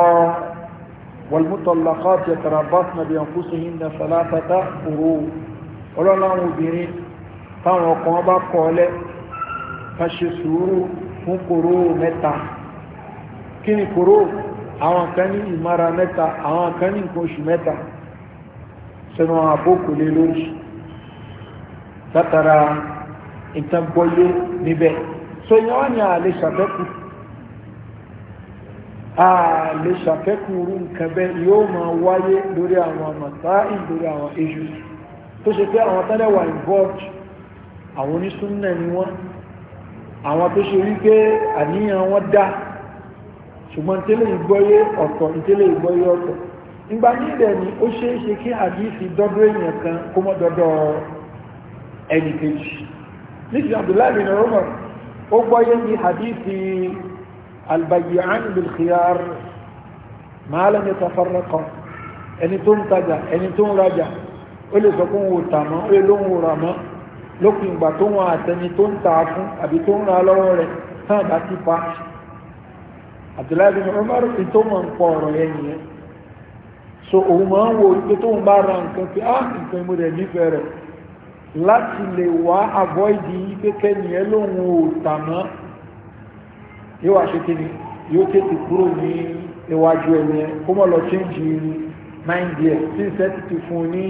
wàlmútọ̀lákọ́tì ẹ̀tàrà bọ́sùnàbí ọ̀kúsù yìí na sàlátàtà òru ọlọ́láwọn obìnrin táwọn ọkùnrin bá kọ́ ọlẹ́ ká ṣe sùúrù fún kòró mẹ́ta kí ni kòró àwọn kan ní ìmára mẹ́ta àwọn kan ní nǹkan oṣù mẹ́ta sínú àbókù lé lórí látara ìtàn gbọ́yé níbẹ̀ so ìyẹn wá ní àlè ṣàfẹ́kù àlè ṣàfẹ́kù rú nǹkan bẹ́ẹ̀ yóò máa wáyé lórí àwọn àmàtáì lórí àwọn issues tó ṣe pé àwọn tẹ́lẹ̀ wà involved àwọn onísúnnà ni wọ́n àwọn tó ṣe wípé àníyàn wọn dá ṣùgbọ́n tẹ́lẹ̀ ìgbọ́yé ọ̀tọ̀ ìtẹ́lẹ̀ ìgbọ́yé ọ̀tọ̀ ìgbà ní ilẹ̀ ni ó ṣe é ṣe kí àdíìsì dọ́dọ̀ èèyàn kan kó mọ́ dọ́dọ̀ ẹni kejì nítorí abdullahi bin umar ó gbọ́yé ní àdíìsì albayyani bil khiyar máa lẹ́ni tafarraqa ẹni tó ń tajà ẹni tó ń rajà ó lè sọ fún òòtà mọ́ ó lè lóhun òòrà mọ́ lópin ìgbà tó wọn àtẹni tó ń ta fún àbí tó ń ra lọ́wọ́ rẹ̀ tán àbá ti pa abdullahi bin umar ìtó ń pọ̀ ọ̀rọ̀ yẹn nìyẹn so òun máa ń wo ipé tó ń bá ra nǹkan pé á ah, nǹkan imú nífẹ̀ẹ́ rẹ̀ láti lè wá àbọ́ìdì ipé kẹ́nìyàn lóhun ò tà ṣe kí ni yóò tètè kúrò ní iwájú ẹni ẹ kó mọ̀ lọ change mind ẹ̀ tí ìṣẹ́ ti ti fún ní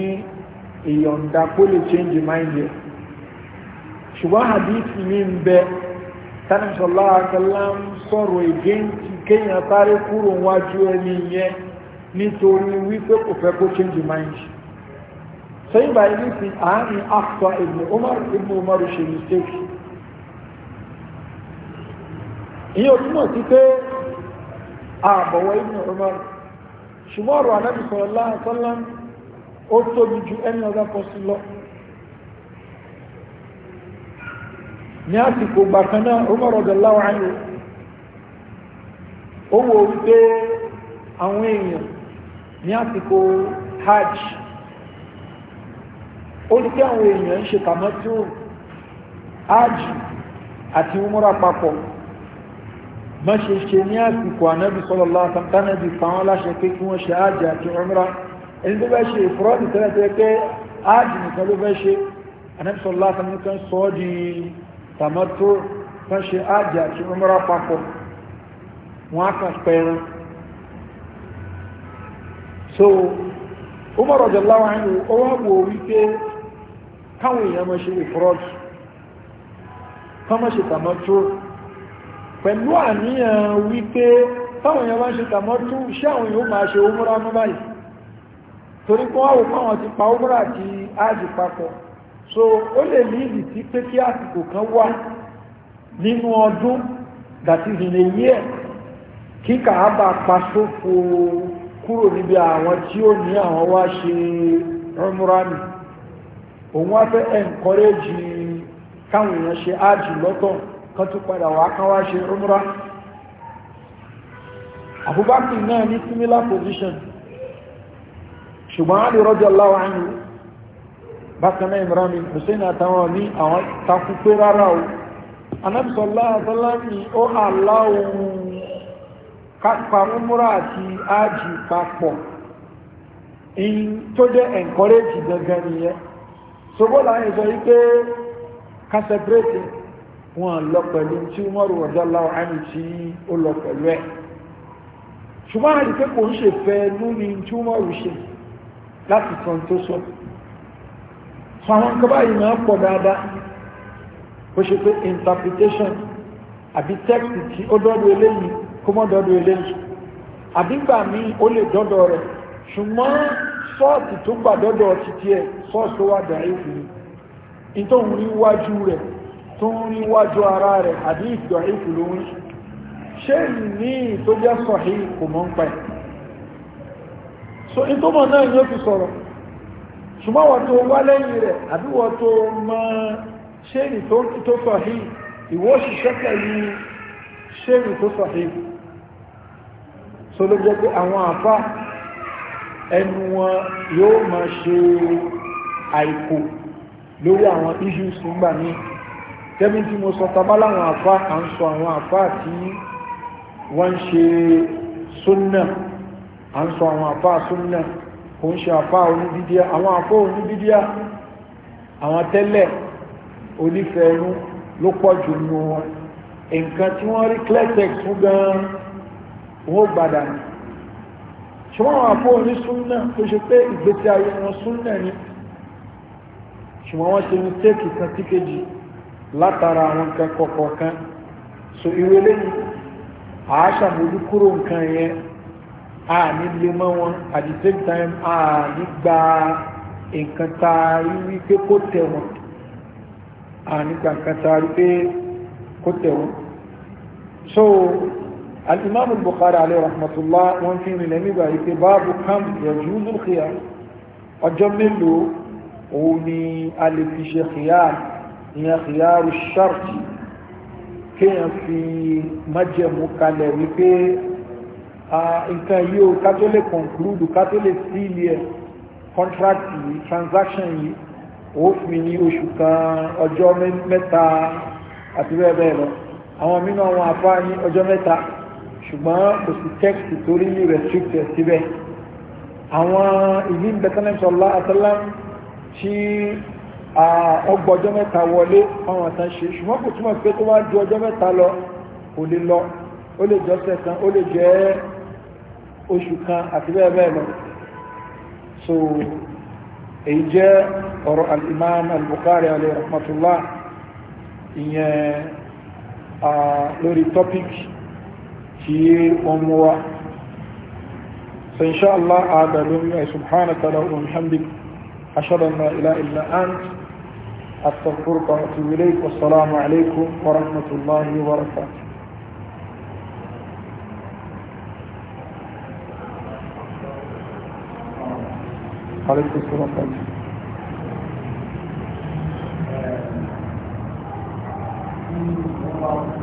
ìyọ̀ǹda kó lè change mind ṣùgbọ́n hadith mi ń bẹ tánìsọ̀lá akẹ́lá ń sọ̀rọ̀ against kéèyàn sáré kúrò níwájú ẹni nítorí wípé kò fẹ́ kó change mind sẹ́yìn báyìí nísìn àárín after ibn Umar Ibu Umar ṣe mistake ìyẹn ò túmọ̀ sí pé àbọ̀wọ̀ ibn Umar ṣùgbọ́n ọ̀rọ̀ Ànábì sallallahu alaihi ó tóbi ju ẹni ọ̀gá kan sí lọ ní àsìkò gbàkan náà Umar radiyallahu anhu ó wò wípé àwọn èèyàn ní àsìkò hajj ó ní kí àwọn èèyàn ń ṣe tàmọ́tò hajj àti umura papọ̀ má ṣe ṣe ní àsìkò ànábì sallallahu alaihi wasallam tánàbì fáwọn láṣẹ pé kí wọ́n ṣe hajj àti umura ẹni tó fẹ́ ṣe ìfúrọ́dì tẹ́lẹ̀ tẹ́lẹ̀ pé hajj nìkan ló fẹ́ ṣe ànábì sallallahu alaihi wasallam sọ ọ́ di tàmọ́tò fẹ́ ṣe hajj àti umura papọ̀ wọ́n á kàn pẹ́ran so Umar radiyallahu anhu ó wá wò èèyàn ṣe ìfúrọ́dù kán máa pẹlụ tàmọ́tò pẹ̀lú àníyàn wípé táwọn èèyàn bá ṣe tàmọ́tò àwọn èèyàn torí ti pa òmúra ti so ó lè ní ìdí sí pé kan wa n'inu ọdún that is in a year kúrò níbi àwọn tí ó ní àwọn wá ṣe rọmúránì òun wá fẹ́ ẹnkọ́rẹ́jì káwọn èèyàn ṣe ájì lọ́tọ̀ kan tó padà wá kán wá ṣe rọmúrá Abubakar náà ní similar position ṣùgbọ́n Ali radiyallahu anhu bákaná ìmìrànì hussein àtàwọn ní àwọn takú pé rárá o anábìsọ̀lá àtàlá ní ó àláwọ̀ kápa múmúra aji ájì papọ̀ in tó jẹ́ encourage gangan nìyẹn ṣogbó láyé sọ wípé ká separate wọn lọ pẹ̀lú tí umaru ọ̀dọ́lá ọ̀hánì tí ó lọ pẹ̀lú ẹ̀ ṣùgbọ́n àti pé kò ń ṣe fẹ́ lórí tí umaru ṣe láti kan tó sọ fàwọn nǹkan báyìí máa pọ̀ dáadáa ó ṣe pé interpretation àbí text tí ó dọ́dọ̀ eléyìí kó mọ́ dọ́dọ̀ eléyìí àdígbà míì ó lè dọ́dọ̀ rẹ̀ ṣùgbọ́n sọ́ọ̀tì tó gbà dọ́dọ̀ títí ẹ̀ sọ́ọ̀tì tó wà dàrí fún mi tó ń rí wájú rẹ̀ tó ń rí wájú ara rẹ̀ àbí ìdọ̀rí fún lóhun ṣé ní tó jẹ́ sọ̀hí kò mọ́ ń pa ẹ̀ so in tó mọ̀ náà yóò fi sọ̀rọ̀ ṣùgbọ́n wọ́n tó wá lẹ́yìn rẹ̀ àbí wọ́n tó mọ́ ṣé ní tó sọ̀hí ìwọ́ òṣìṣẹ́ pẹ̀lú ṣé ní tó sọ̀hí so ló jẹ́ pé àwọn àfá ẹnu wọn yóò ma ṣe àìkò lórí àwọn issues nígbà ní tẹ́bí tí mo sọ tabálà àwọn àfá à ń sọ àwọn àfá tí wọ́n ń ṣe súnnà à ń sọ àwọn àfá súnnà kò ń ṣe àfá oníbídíà àwọn àfá oníbídíà àwọn tẹ́lẹ̀ onífẹ̀ẹ́rún ló pọ̀ jù nù wọn nǹkan tí wọ́n rí clear text fún gan-an wọ́n gbàdà ní ṣùgbọ́n àpò ní súnnà tó ṣe pé ìgbésí ayé wọn súnnà ni ṣùgbọ́n wọ́n ṣe ní téèkì kan tí kejì látara àwọn kan so ìwé lẹ́yìn àáṣà mojú kúrò nǹkan a ní lè mọ́ wọn at the time a ní gba nǹkan tá rí kó tẹ̀ wọ́n a ní gba nǹkan rí pé kó tẹ̀ wọ́n so الإمام البخاري عليه رحمة الله wọ́n fi rìn lẹ́mí gbà yìí báàbù kam yajuzu al-khiyar ọjọ́ mélòó òun ni a lè fi ṣe khiyar ìyẹn khiyar shart kéèyàn fi májẹ̀mú kalẹ̀ wípé nǹkan yìí o ká tó lè conclude ká tó lè seal ẹ̀ contract yìí transaction yìí ó fi ní oṣù kan ọjọ́ mẹ́ta àti bẹ́ẹ̀ bẹ́ẹ̀ lọ àwọn mìíràn wọn àfáà ní ọjọ́ mẹ́ta ṣùgbọ́n kò sí tẹ́kìtì tó rí yìí restricted síbẹ̀ àwọn ìlú ìbẹ́tẹ́lẹ́sọ̀lá àtẹ́lá tí ọgbọ̀ ọjọ́ mẹ́ta wọlé àwọn àtàn ṣe ṣùgbọ́n kò túnmọ̀ pé tó wá ju ọjọ́ mẹ́ta lọ kò lè lọ ó lè jọ sẹ̀kan ó lè jẹ́ oṣù kan àti bẹ́ẹ̀ bẹ́ẹ̀ lọ so èyí jẹ́ ọ̀rọ̀ al-imam alayhi rahmatullah ìyẹn lórí topic tí wọ́n mú wá so insha Allah àádà lórí ẹ̀ subhanaka wa bihamdik ashhadu an la ilaha illa ant astaghfiruka wa atubu ilayk wa assalamu alaykum wa rahmatullahi wa barakatuh عليكم السلام ورحمة الله Thank you.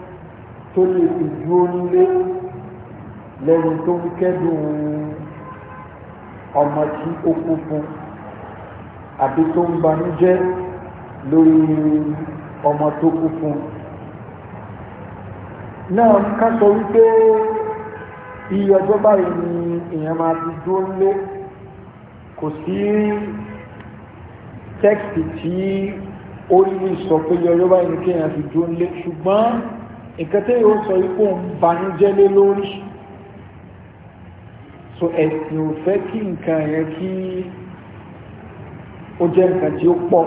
tó lè fi dúró nílé lẹ́nu tó ń kẹ́dùn ọmọ tí ó kú fún àbí tó ń banújẹ́ lórí ọmọ tó kú fún náà ká sọ wípé iye ọjọ́ báyìí ni èèyàn máa fi dúró nílé kò sí tẹ́kìtì tí ó ní sọ pé iye ọjọ́ báyìí ni kéèyàn fi dúró nílé ṣùgbọ́n nǹkan tí yóò sọ ikú ń banújẹ́ lé lórí so ẹ̀sìn ò fẹ́ kí nǹkan yẹn kí ó jẹ́ nǹkan tí ó pọ̀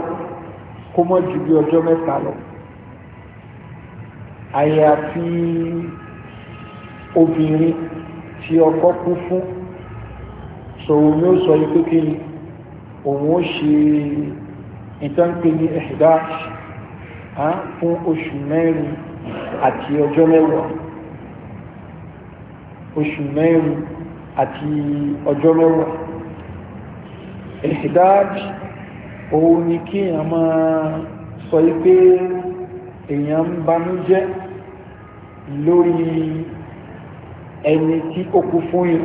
kó mọ́ ju bí ọjọ́ mẹ́ta lọ àyàfi obìnrin tí ọkọ kú fún sòwò ni ó sọ ikú kí ni òun ó ṣe ìtànpé ní ẹ̀dá ah, fún oṣù mẹ́rin àti ọjọ́ mẹ́wàá oṣù mẹ́rin àti ọjọ́ mẹ́wàá ìdájì òun ni kí èèyàn máa sọ pé èèyàn ń banújẹ́ lórí ẹni tí ó kú fún yìí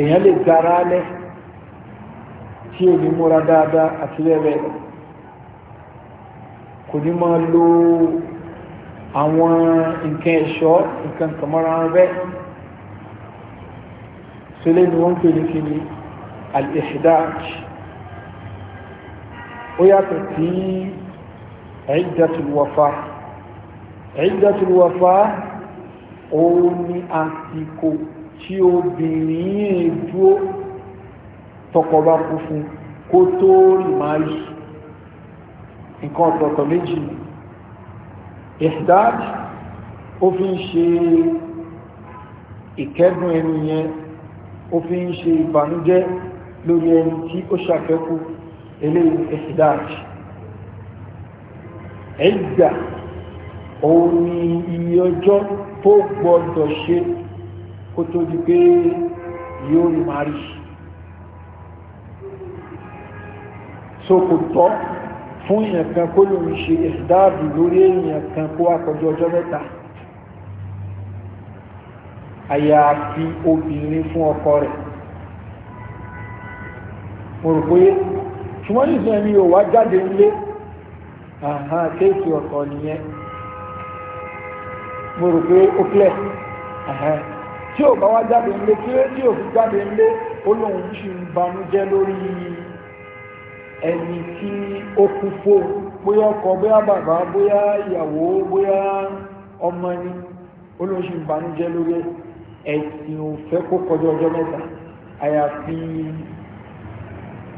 èèyàn lè dára lẹ́ tí ò ní múra dáadáa àti bẹ́ẹ̀ kò ní máa lo àwọn nǹkan ẹ̀ṣọ́ nǹkan kàmọ́ra rẹ̀ sílẹ̀ ni wọ́n pè ní kí ni al-ihdaj ó yàtọ̀ sí iddatul wafa iddatul wafa àsìkò tí obìnrin yìí dúó tọkọ bá kú fún kó tó rí máa yìí encontro ọ̀tọ̀ọ̀tọ̀ méjì ihdad ó fi ń ṣe ìkẹ́dùn ẹni yẹn ó fi ń ṣe ìbànújẹ́ lórí ẹni tí ó ṣàfẹ́kù eléyìí ihdad ẹ̀dà òun ni iye ọjọ́ tó gbọdọ̀ ṣe kó tó di pé yóò rí máa rí fún èèyàn kan kó ló ń ṣe ìdáàbò lórí èèyàn kan kó wá kọjú ọjọ́ mẹ́ta àyàfi obìnrin fún ọkọ rẹ̀ mo rò pé ṣùgbọ́n nìkan mi ò wá jáde nílé àhán kéèkì ọ̀tọ̀ nìyẹn mo rò pé ó clear àhán tí ò bá wá jáde nílé tí ó fi jáde nílé ó lóun ṣì ń banújẹ́ lórí yìí ẹni tí ó kú fó bóyá ọkọ bóyá bàbá bóyá ìyàwó bóyá ọmọ ẹni olóṣù ìbànújẹ́ lórí ẹ̀sìn ò fẹ́ kó kọjá ọjọ́ mẹ́ta àyàfi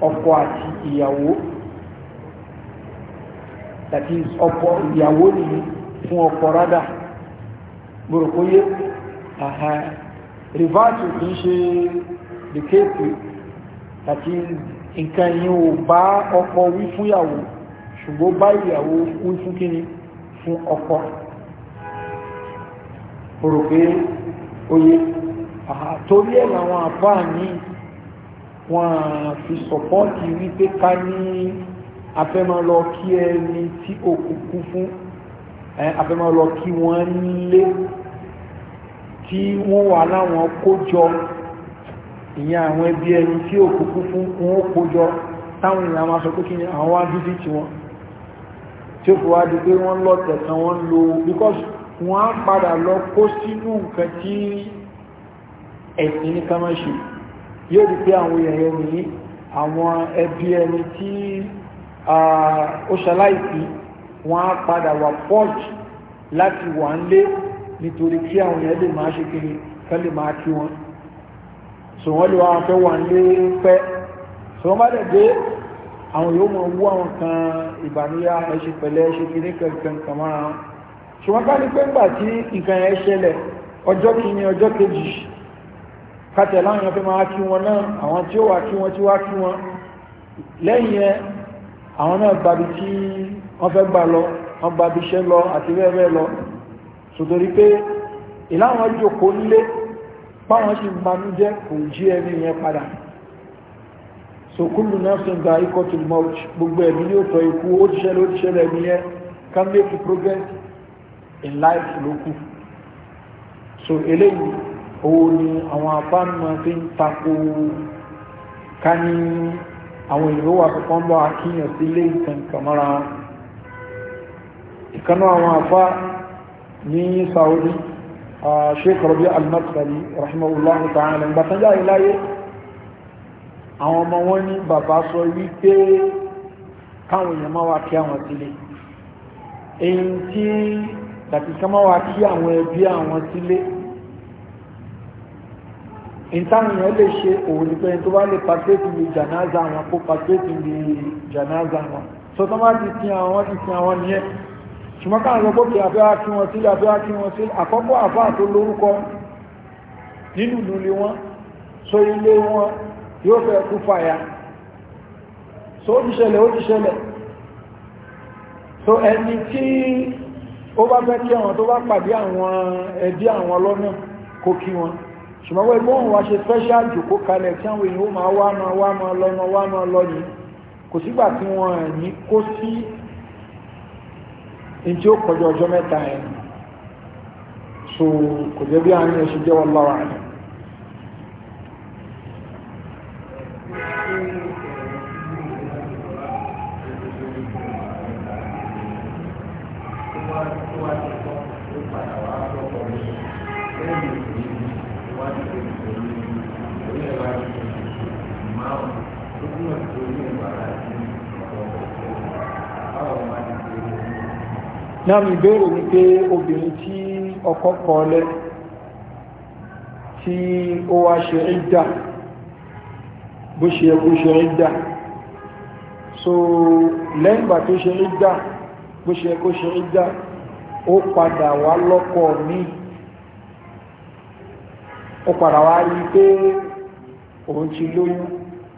ọkọ àti ìyàwó that is ọkọ ìyàwó nìyí fún ọkọ rádà gbòròkóyé reverse kì í ṣe the case that is nǹkan yìí ò bá ọkọ wí fún ìyàwó ṣùgbọ́n bá ìyàwó wí fún kíni fún ọkọ rò pé oye torí ẹ̀ làwọn àfáà ní wọn fi sọ̀pọ́ọ̀tì wípé ká ní afẹ́mọ́ lọ kí ẹni tí ó kúkú fún afẹ́mọ́ kí wọ́n lé tí wọ́n wà láwọn kójọ ìyẹn àwọn ẹbí ẹni tí ó kúkú fún wọn kójọ táwọn èèyàn sọ pé kí ni àwọn wá dúdú tí wọn tí ó fi wá di pé wọ́n lọ tẹ̀sán wọ́n lo because wọ́n á padà lọ kó sínú nǹkan tí ẹ̀sìn ní ká máa ṣe yóò di pé àwọn èèyàn ní àwọn ẹbí ẹni tí ó ṣaláìsí wọ́n á padà wà pọ́ọ̀jù láti wà ń lé nítorí kí àwọn èèyàn lè máa ṣe kiri kán lè máa kí wọn so wọ́n lè wá wọn fẹ́ wà nílé pẹ́ so wọ́n bá dẹ̀ dé àwọn yóò mọ̀ wú àwọn kan ìbànúyà ẹṣin pẹ̀lẹ́ ẹṣin kìíní kankan kan mọ́ra wọn so wọ́n bá ní pé ńgbà tí nǹkan ẹ̀ ṣẹlẹ̀ ọjọ́ kìíní ọjọ́ kejì kàtẹ̀ láwọn èèyàn fẹ́ máa kí wọn náà àwọn tí ó wà kí wọn tí wá kí wọn lẹ́yìn ẹ àwọn náà gbàbí tí wọ́n fẹ́ gbà lọ wọ́n gbàbí iṣẹ́ lọ àti bẹ́ẹ̀ bẹ́ẹ̀ lọ báwọn ṣe banújẹ́ kò jí ẹni yẹn padà sòkúlù náà sì ń gba ikọ̀ tó mọ̀ gbogbo ẹ̀mí ní òtọ̀ ikú ó ti ṣẹlẹ̀ ó ti ṣẹlẹ̀ ẹ̀mí yẹn can make progress in life ló kù so eléyìí òun ni àwọn abánumọ̀ fi ń tako ká ní àwọn ìró àkọ́kọ́ ń bọ́ akíyàn sí ilé ìtàn kàmọ́ra wọn ìkànnà àwọn afá ní Saudi sheikh rabi al-madkhali rahimahullah ta'ala ìgbà tán jáde láyé àwọn ọmọ wọn ní bàbá sọ wípé káwọn èèyàn máa wá kí àwọn sílé èyí tí tàbí ká máa wá kí àwọn ẹbí àwọn sílé ìtàwọn èèyàn lè ṣe òun ní pé tó bá lè pàtẹ́tì lè jànáza àwọn kó pàtẹ́tì lè jànáza àwọn sọ bá ti sin àwọn ti sin àwọn nìyẹn ṣùgbọ́n káà lọ gbókè afẹ́ akí wọn sílẹ̀ afẹ́ akí wọn sílẹ̀ àkọ́kọ́ àfáà tó lórúkọ nínú ìlú ni wọn so ilé wọn yóò fẹ́ kú fàyà so ó ti ṣẹlẹ̀ ó ti ṣẹlẹ̀ so ẹni tí ó bá fẹ́ kí àwọn tó bá pàdé àwọn ẹbí àwọn lọ́nà kó kí wọn ṣùgbọ́n wọ́n ẹgbọ́n wa ṣe special jòkó kalẹ̀ tí àwọn èèyàn ó máa wá máa wá máa lọ́nà wá máa lọ́nà kò sígbà tí wọ́n ní kó sí in tí ó kọjọ ọjọ́ mẹ́ta ẹ̀ so kò jẹ́ bí àárín ẹ̀ṣù jẹ́ wọ́n lọ́wọ́ rẹ̀ Thank you. náà mi béèrè ní pé obìnrin tí ọkọ kọlẹ̀ tí ó wá ṣe ìdá bó ṣe ẹkú ṣe ìdá so lẹ́yìnbà tó ṣe ìdá bó ṣe ẹkú ṣe ìdá ó padà wá lọ́kọ mi ó padà wá rí pé òun ti lóyún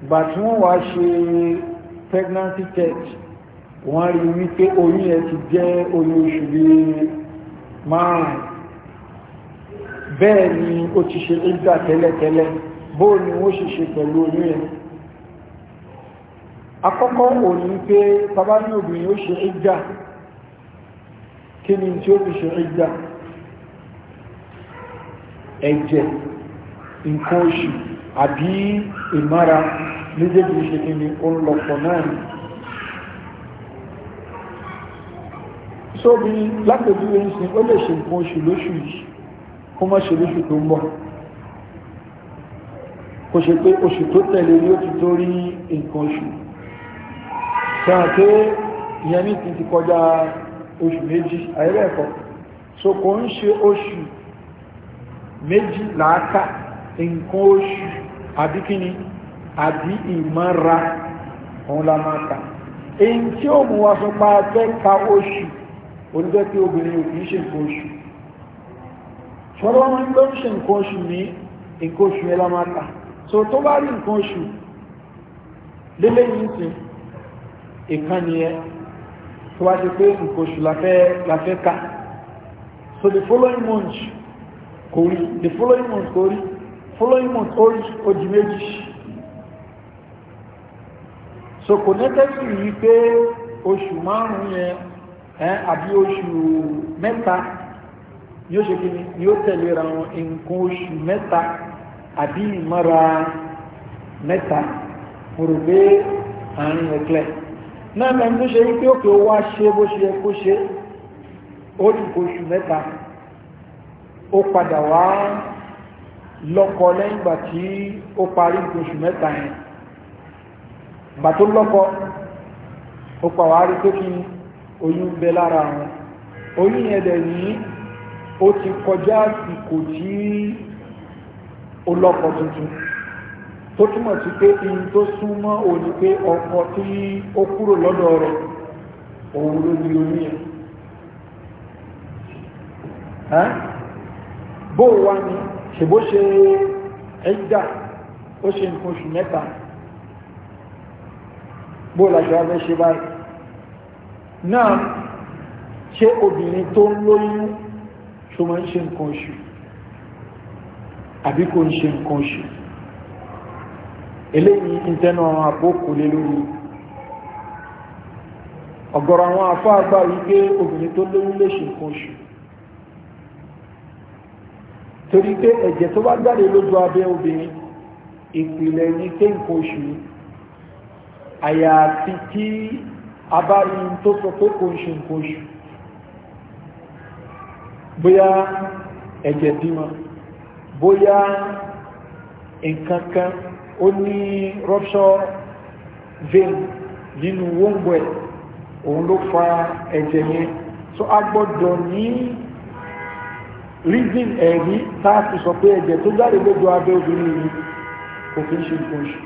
gbà tí wọ́n wá ṣe pregnancy test wọ́n rí wípé oyún ẹ ti jẹ́ oyún oṣù bí márùn-ún bẹ́ẹ̀ ni ó ti ṣe ìgbà tẹ́lẹ̀tẹ́lẹ̀ bóò ni wọ́n ṣe ṣe pẹ̀lú oyún ẹ akọ́kọ́ òní pé bàbá ní obìnrin ó ṣe ìgbà kí ni tí ó fi ṣe ìgbà ẹ̀jẹ̀ nǹkan oṣù àbí ìmára méjèèjì ṣe kí ni ó ń lọ̀pọ̀ náà sóbi lápèjúwe ń sin ó lè ṣe nǹkan oṣù lóṣù yìí kó má ṣe lóṣù tó ń bọ̀ kò ṣe pé oṣù tó tẹ̀lé ni ó ti tó rí nǹkan oṣù sẹ́wọ̀n pé ìyẹn ní ti ti kọjá oṣù méjì ayẹ́rẹ́ ẹ̀kọ́ so kò ń ṣe oṣù méjì làákà nǹkan oṣù àbí kíni àbí ìmọ̀ra òun la máa kà èyí tí ó mú wa sọ pé fẹ́ ka oṣù oníjẹ́ pé obìnrin ò kìí ṣe nǹkan oṣù ṣọ́rọ́ wọn ń gbọ́n ṣe nǹkan oṣù ní nǹkan oṣù ẹlá máa ta so tó bá rí nǹkan oṣù lélẹ́yìn sí ìkan nìyẹn tó wá ṣe pé nǹkan oṣù láfẹ́ ká so the following month kò rí the following month kò rí following month ó rí ojì méjì so kò nẹ́tẹ́sì yìí pé oṣù márùn-ún yẹn àbí oṣù mẹ́ta yóò ṣe kí ni yóò tẹ̀lé ra wọn nǹkan oṣù mẹ́ta àbí ìmọ̀ra mẹ́ta mo rò pé àárín ẹ̀kẹ́ náà mẹ́rin tó ṣe wípé òkè ó wá bó ṣe yẹ kó ṣe ó ti kó oṣù mẹ́ta ó padà wá lọ́kọ lẹ́yìn ìgbà tí ó parí nǹkan oṣù mẹ́ta yẹn ìgbà tó lọ́kọ ó pa wá rí pé kí ni oyún bẹ lára wọn oyún yẹn dẹ̀ ní ó ti kọjá àsìkò tí ó lọ́kọ tuntun tó túmọ̀ sí pé ihun tó súnmọ́ òní pé ọkọ tí ó kúrò lọ́dọ̀ rẹ̀ òun ló ní oyún yẹn bó wá ní ṣèbó ṣe ẹ̀dà ó ṣe nǹkan oṣù mẹ́ta bó làjọ abẹ́ ṣe báyìí náà ṣe obìnrin tó ń lóyún ṣó máa ń ṣe nǹkan oṣù àbí kò ń ṣe nǹkan oṣù eléyìí ìtẹnu àwọn àbókù lé lórí ọ̀gọ̀rọ̀ àwọn afọ́ àgbà wípé obìnrin tó lóyún lè ṣe nǹkan oṣù torí pé ẹ̀jẹ̀ tó bá jáde lójú abẹ́ obìnrin ìpìlẹ̀ ní pé nǹkan àyàfi abárí tó sọ pé kò ń ṣe nǹkan oṣù bóyá ẹ̀jẹ̀ bímọ bóyá nǹkan ó ní rupture vein nínú wóngbò òun ló fa ẹ̀jẹ̀ yẹn so a gbọ́dọ̀ ní reason ẹ̀rí tá a ti sọ pé ẹ̀jẹ̀ tó jáde lójú abẹ́ obìnrin yìí kò kí ń ṣe nǹkan oṣù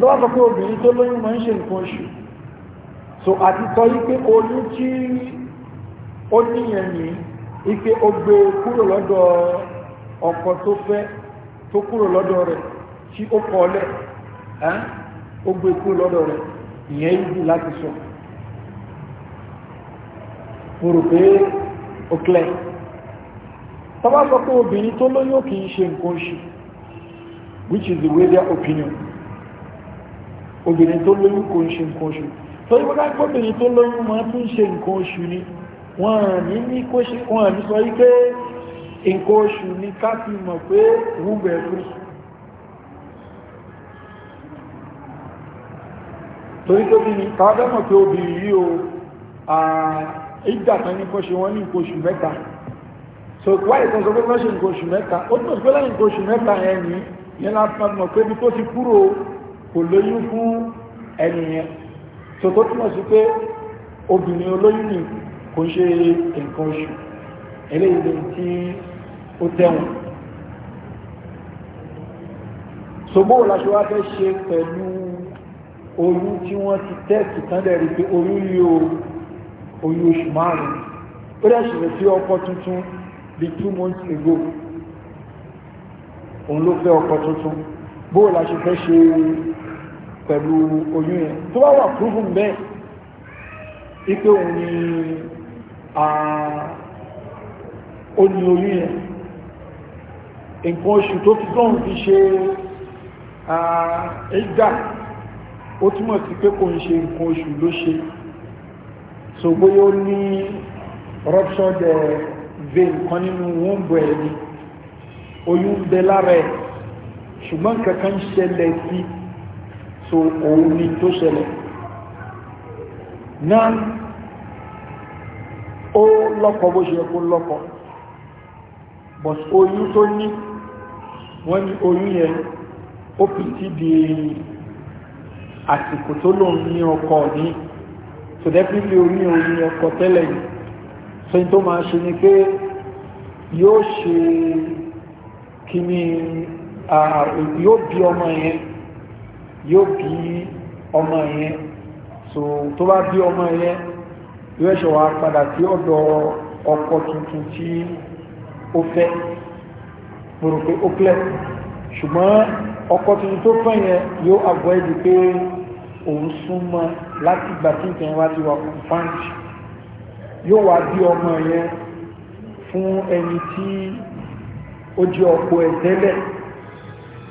lọ́wọ́ sọ pé obìnrin tó lóyún mọ́ ń ṣe nǹkan so àti tí ó ní ike ó gbé kúrò lọ́dọ̀ ọkọ̀ tó fẹ́ tó kúrò lọ́dọ̀ rẹ̀ tí ó kọ́ lẹ̀ ó gbé kúrò lọ́dọ̀ rẹ̀ ìyẹn ìdí láti sọ which is the way their opinion obìnrin tó lóyún kò ń ṣe nǹkan oṣù torí wọ́n dájú obìnrin tó lóyún máa tún ṣe nǹkan oṣù ni wọ́n ní ní kó ṣe wọ́n ní sọ wípé nǹkan oṣù ni ká fi mọ̀ pé wúbẹ̀ fún torí tó bí ní tàbí mọ̀ pé obìnrin yìí o ìgbàtàn ní kọ́ṣe wọ́n ní nǹkan oṣù mẹ́ta so wáyé kan sọ pé kọ́ṣe nǹkan oṣù mẹ́ta ó tún pẹ́ lẹ́yìn nǹkan oṣù mẹ́ta yẹn ní yẹn láti mọ̀ pé bí tó ti kúrò kò lóyún fún ẹnìyẹn tó tó túnmọ̀ sí pé obìnrin olóyún ni kò ṣe nǹkan oṣù eléyìí tí ó tẹ̀wọ̀n ṣogbó làṣọwá fẹ́ ṣe pẹ̀lú oyún tí wọ́n ti tẹ́ẹ̀kì tán dẹ̀ rí pé oyún yóò oyún oṣù márùn-ún ó dẹ̀ ṣẹlẹ̀ sí ọkọ tuntun bí two months ago òun ló fẹ́ ọkọ tuntun bó la ṣe fẹ́ ṣe pẹ̀lú oyún yẹn tó wá wà púrúfù bẹ́ẹ̀ ipé òun ni ó ní oyún yẹn nǹkan oṣù tó fi tóun fi ṣe ẹgbà ó túmọ̀ sí pé kò ń ṣe nǹkan oṣù ló ṣe so bóyá ó ní ruptured eh, vein kan nínú womb ẹ̀ ni oyún bẹ lára ẹ̀ ṣùgbọ́n kankan ṣẹlẹ̀ sí so òun ni tó ṣẹlẹ̀ náà ó lọ́kọ bó ṣe kó lọ́kọ but oyún tó ní wọ́n ní oyún yẹn ó pìtì di àsìkò tó lòun ní ọkọ ní so definitely oyún oyún ọkọ tẹ́lẹ̀ yìí so ní tó máa ṣe ni pé yóò ṣe kí ni yóò bí ọmọ yẹn yóò bí ọmọ yẹn so tó bá bí ọmọ yẹn yóò ṣe wá padà sí ọ̀dọ̀ ọkọ tuntun tí ó fẹ́ gbòrò pé ó clẹ̀ ṣùgbọ́n ọkọ tuntun tó fẹ́ yẹn yóò àgbọ́ ẹ̀dì pé òun súnmọ́ láti ìgbà tí ìtẹ̀yìn wá ti wà fún fáńtì yóò wá bí ọmọ yẹn fún ẹni tí ó jẹ́ ọkọ ẹ̀ tẹ́lẹ̀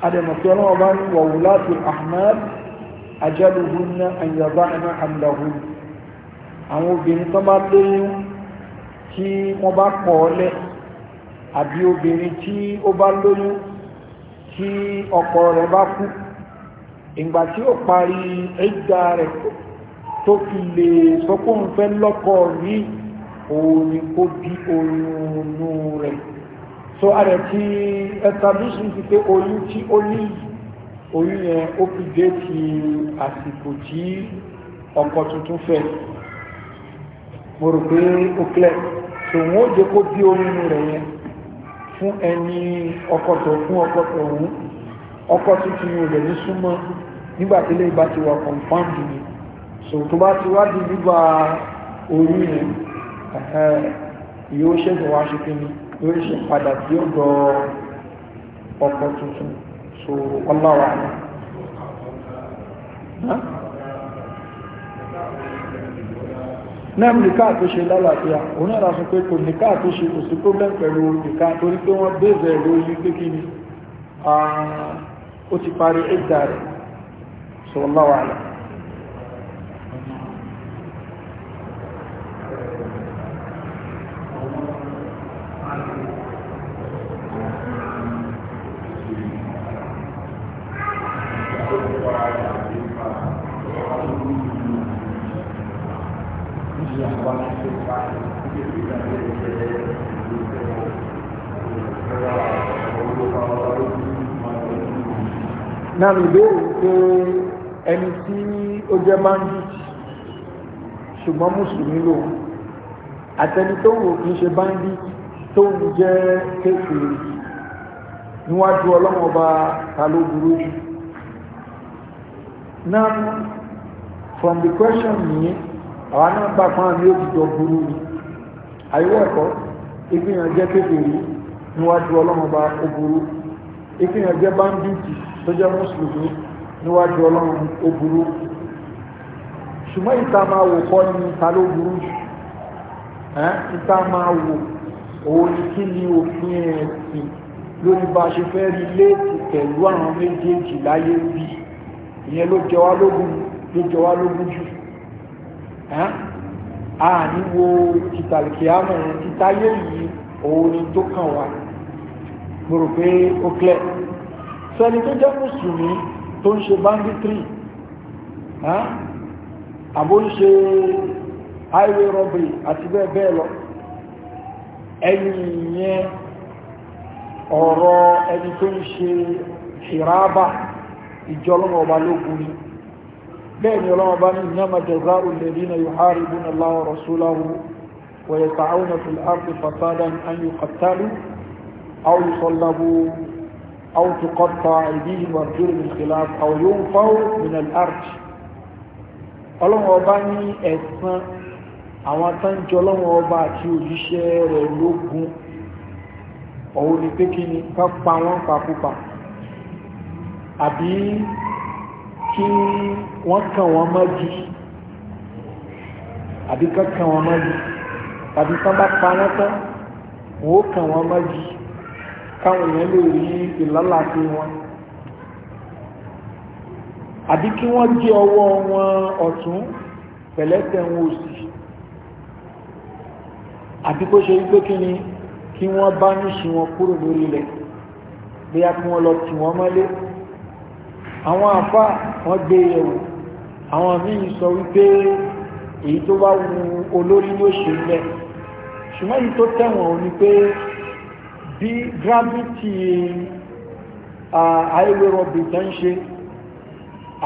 adẹ̀mọ̀tí ọlọ́wọ́ bá ní wàwùlátù ahmad ajaluhunna anyabana hamdahun àwọn obìnrin tó bá lóyún tí wọ́n bá pọ̀ ọlẹ́ àbí obìnrin tí ó bá lóyún tí ọkọ rẹ̀ bá kú ìgbà tí ó parí ẹ̀dà rẹ̀ tó fi lè sọ pé fẹ́ lọ́kọ ní òun ni kó bí oyún rẹ̀ so ààrẹ ti establish ti pé oyún tí ó ní oyún yẹn ó fi dé ti àsìkò tí ọkọ tuntun fẹ́ mo rò pé ó clear so wọn ó jẹ kó bí oyún rẹ̀ yẹn fún ẹni ọkọ tó fún ọkọ tó wù ọkọ tuntun yóò ní súnmọ́ nígbà tí lè bá ti wà confirmed ni so tó bá ti wá di nígbà oyún yẹn yóò ṣẹ̀ṣẹ̀ wá ṣe kí ni yóò ṣe padà tí ó gbọ́ ọkọ̀ tuntun so ọláwà náà nìká tó ṣe lálàáfíà òun náà sọ pé kò nìká tó ṣe kò sí problem pẹ̀lú nìká torí pé wọ́n bèèrè lórí pé ah, ó ti parí ẹgbà rẹ̀ so ọláwà alẹ́ náà ìbéèrè pé ẹni tí ó jẹ́ bandit ṣùgbọ́n mùsùlùmí lò àtẹni tó wò kí n ṣe bandit tó ń jẹ́ kékeré níwájú ọlọ́mọba ta ló burú jù náà from the question yìí àwọn náà gbà fún àmì òjìjọ burú ni àìwọ́ ẹ̀kọ́ ìfihàn jẹ́ kékeré níwájú ọlọ́mọba ó burú ìfihàn jẹ́ báńdíìtì tó jẹ́ mùsùlùmí níwájú ọlọ́run ó burú ṣùgbọ́n ìta máa wò kọ́ ní ìta ló burú jù ìta máa wò òun ni kí ni òfin ẹ̀sìn lórí bá ṣe fẹ́ rí léèkì pẹ̀lú àwọn méjèèjì láyé bí ìyẹn ló jẹ wá lógún jù àníwo tìtàlìkìámọ̀ yẹn títáyé yìí òun ni tó kàn wá gbòrò pé ó clẹ̀ sẹ́ni tó jẹ́ mùsùlùmí tó ń ṣe banditry àbó ń ṣe highway robbery àti bẹ́ẹ̀ bẹ́ẹ̀ lọ ẹ̀yìn yẹn ọ̀rọ̀ ẹni tó ń ṣe ìrábà ìjọlọ́mọ̀ lógun ni bẹ́ẹ̀ ni ọlọ́wọ́ bá ní ìnáma jẹ́zá olèdínà yóò hárí bú na láwọ́ rasulahu wọ̀yẹ̀ tààwọn fi láàrín fasadan an yóò kàtàlù au yóò sọ́lábù au tó kọ́ta ìdíyí wà jùlọ ní khilaf au yóò ń fáwọ́ àwọn tánjọ ọlọ́wọ́ bá àti àbí kí wọ́n kàn wọ́n mọ́jú àbí kán kàn wọ́n mọ́jú tàbí tán bá paná tán wọ́n ó kàn wọ́n mọ́jú káwọn èèyàn lè rí ìlọ́láàfin wọn àbí kí wọ́n gé ọwọ́ wọn ọ̀tún pẹ̀lẹ́tẹ̀ wọn òsì àbí kó ṣe wípé kí ni kí wọ́n bá níṣì wọn kúrò lórí ilẹ̀ bí a kí wọ́n lọ tì wọ́n mọ́lé àwọn àfá wọ́n gbé e ẹ̀wò àwọn míì sọ wípé èyí tó bá wu olórí ló ṣe ń lẹ̀ ṣùgbọ́n èyí tó tẹ̀wọ̀n ò ní pé bí gravity ayélujára tán ṣe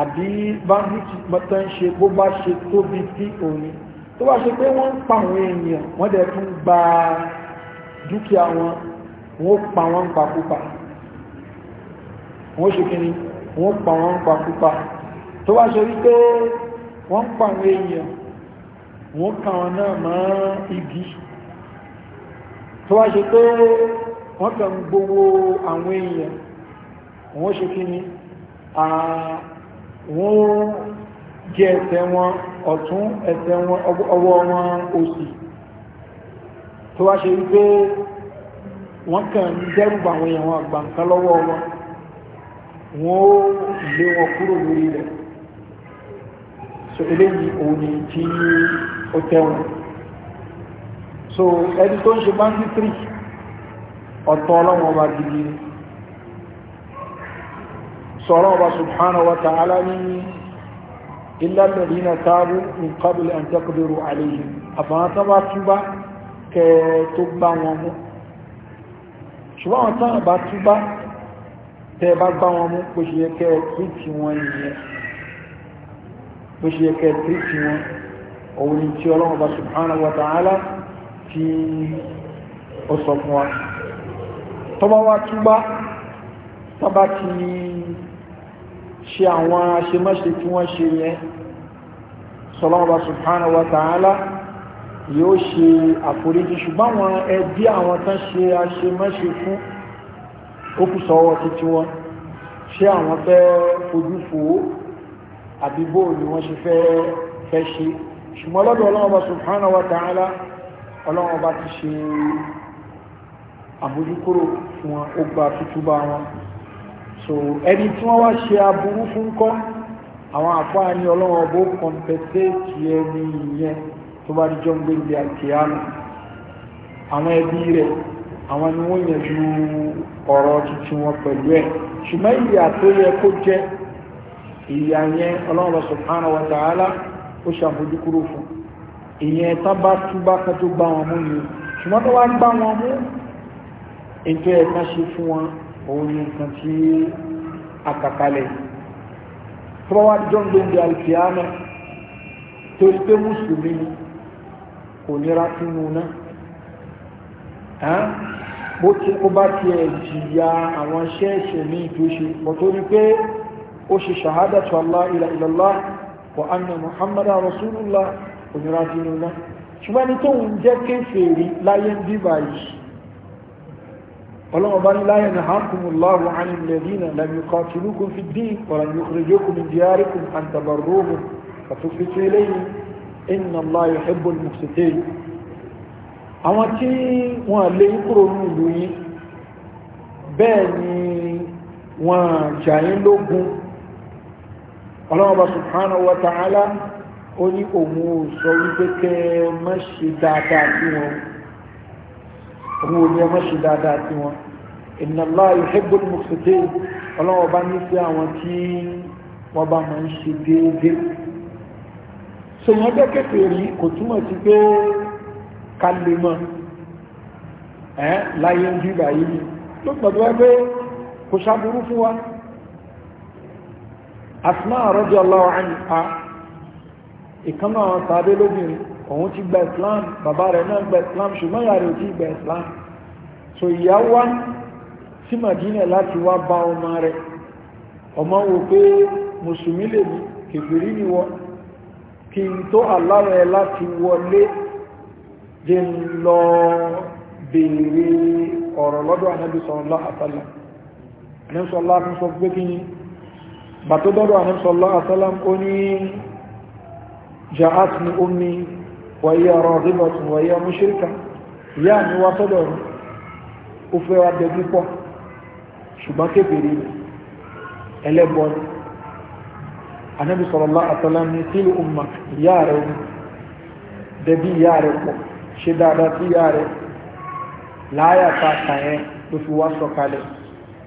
àbí banditi tán ṣe bó bá ṣe tóbi tí òní tó bá ṣe pé wọ́n ń pa àwọn èèyàn wọ́n dẹ̀ tún gba dúkìá wọn wọ́n pa wọ́n pàkópa wọ́n ṣe kí ni wọ́n pa wọ́n pa púpa tó wá ṣe wípé wọ́n pa àwọn èèyàn wọ́n ka wọn náà mọ́ igi tó wá ṣe pé wọ́n kàn ń gbowó àwọn èèyàn wọ́n ṣe kí ni wọ́n jẹ ẹsẹ̀ wọn ọ̀tún ẹsẹ̀ ọwọ́ wọn òsì tó wá ṣe wípé wọ́n kàn ń dẹ́rù àwọn èèyàn wọn lọ́wọ́ wọn wọ́n ó lé wọn kúrò lórí ilẹ̀ so eléyìí òun ni tí ó tẹ́wọ̀n so ẹni tó ń ṣe banditry ọ̀tọ̀ ọlọ́wọ́n ọba gidi sọ̀rọ̀ ọba subhanahu wa ta'ala ní illa alladhina tabu min qabli an taqdiru alayhim àbáwọn tó bá kẹ tó gbá wọn mú ṣùgbọ́n àwọn tó bá tẹ́ bá gbá wọn mú bó ṣe yẹ kẹ́ tírìtì wọn nìyẹn bó ṣe yẹ kẹ́ tírìtì wọn òun ni tí ọlọ́run bá subhanahu wa ta'ala tí ó sọ fún wa tọ́bá wá túbá tọ́bá ti ṣe àwọn aṣemáṣe tí wọ́n ṣe yẹn sọlọ́run bá subhanahu wa ta'ala yóò ṣe àforíjì ṣùgbọ́n àwọn ẹbí àwọn tán ṣe aṣemáṣe fún ó kù sọ́wọ́ títí wọn ṣé àwọn fẹ́ fojú fò ó àbí ni wọ́n ṣe fẹ́ ṣe ṣùgbọ́n lọ́dọ̀ ọlọ́run ọba subhanahu wa ta'ala ọlọ́run ọba ti ṣe àmójúkúrò fún wọn ó gba tútúbà wọn so ẹni tí wọ́n wá ṣe aburú fún kọ́ àwọn àfáà ní ọlọ́run ọba ó kọ̀ǹpẹ́tẹ́ẹ̀tì ẹni ìyẹn tó bá di jọ́ǹgbé ìgbé àkíyàmù àwọn ẹbí rẹ̀ àwọn ni wọ́n yẹn ju ọ̀rọ̀ tuntun wọn pẹ̀lú ẹ̀ ṣùgbọ́n ìyà tó yẹ kó jẹ́ ìyà yẹn ọlọ́run subhanahu wa ta'ala ó ṣàfojú kúrò fún ìyẹn tán bá túbá kan tó gbá wọn mú ni ṣùgbọ́n tó wá gbá wọn mú ètò ẹ̀ka ṣe fún wọn òun ni nǹkan tí àkàkalẹ̀ tó wá jọ ń lóun di alìkìyàmẹ́ torí pé mùsùlùmí kò nira sínú náà bó ti ó bá ti ẹ̀ jìyà àwọn ṣẹ́ẹ̀ṣẹ̀ ní ìtòṣe pọ̀tó ní pé ó ṣe ṣàhádàtù Allah ila ilallah wa anna Muhammad Rasulullah òmìnira ti ní iná ṣùgbọ́n ní tóun jẹ́ kéfèèrè láyé ń bí báyìí ọlọ́wọ́ bá ní láyé àwọn tí wọ́n lè kúrò ní ìlú yìí bẹ́ẹ̀ ni wọ́n jàyín lógún ọlọ́ọ̀bá subhanahu wa ta'ala ó ní òun ò sọ wípé kẹ mọ́ ṣe dáadáa tí wọn òun ò ní ẹ ní sí àwọn tí wọ́n bá máa ń ṣe déédéé ká lè mọ́ ẹ́ láyé ń bíbà yìí ló pẹ̀lú ẹgbẹ́ kò ṣàbúrú fún wa asma radiyallahu anha ìkánná àwọn tàbí lóbìnrin òun ti gba islam bàbá rẹ̀ náà gba islam ṣùgbọ́n ìyá rẹ̀ ò ti gba islam so ìyá wá sí madina láti wá bá ọmọ rẹ̀ ọmọ wò pé mùsùlùmí lè kèfèrí ni wọ́n kí n tó aláwẹ̀ láti wọlé jẹ́ ń lọ béèrè ọ̀rọ̀ lọ́dọ̀ ànábì sallallahu alaihi wasallam ànábì sallallahu alaihi wasallam pé kí ni bàtó dọ́dọ̀ ànábì sallallahu alaihi wasallam ó ní ja'atni ummi wa hiya raghibatun wa hiya mushrika ìyá mi wá sọ́dọ̀ rẹ̀ ó fẹ́ wá bẹ pípọ̀ ṣùgbọ́n kébèrè ẹlẹ́bọn ànábì sallallahu alaihi wasallam ìyá rẹ̀ dẹbí ìyá rẹ̀ pọ̀ ṣe dáadáa sí ìyá rẹ̀ láyà ta kàyẹn ló fi wá sọ̀kalẹ̀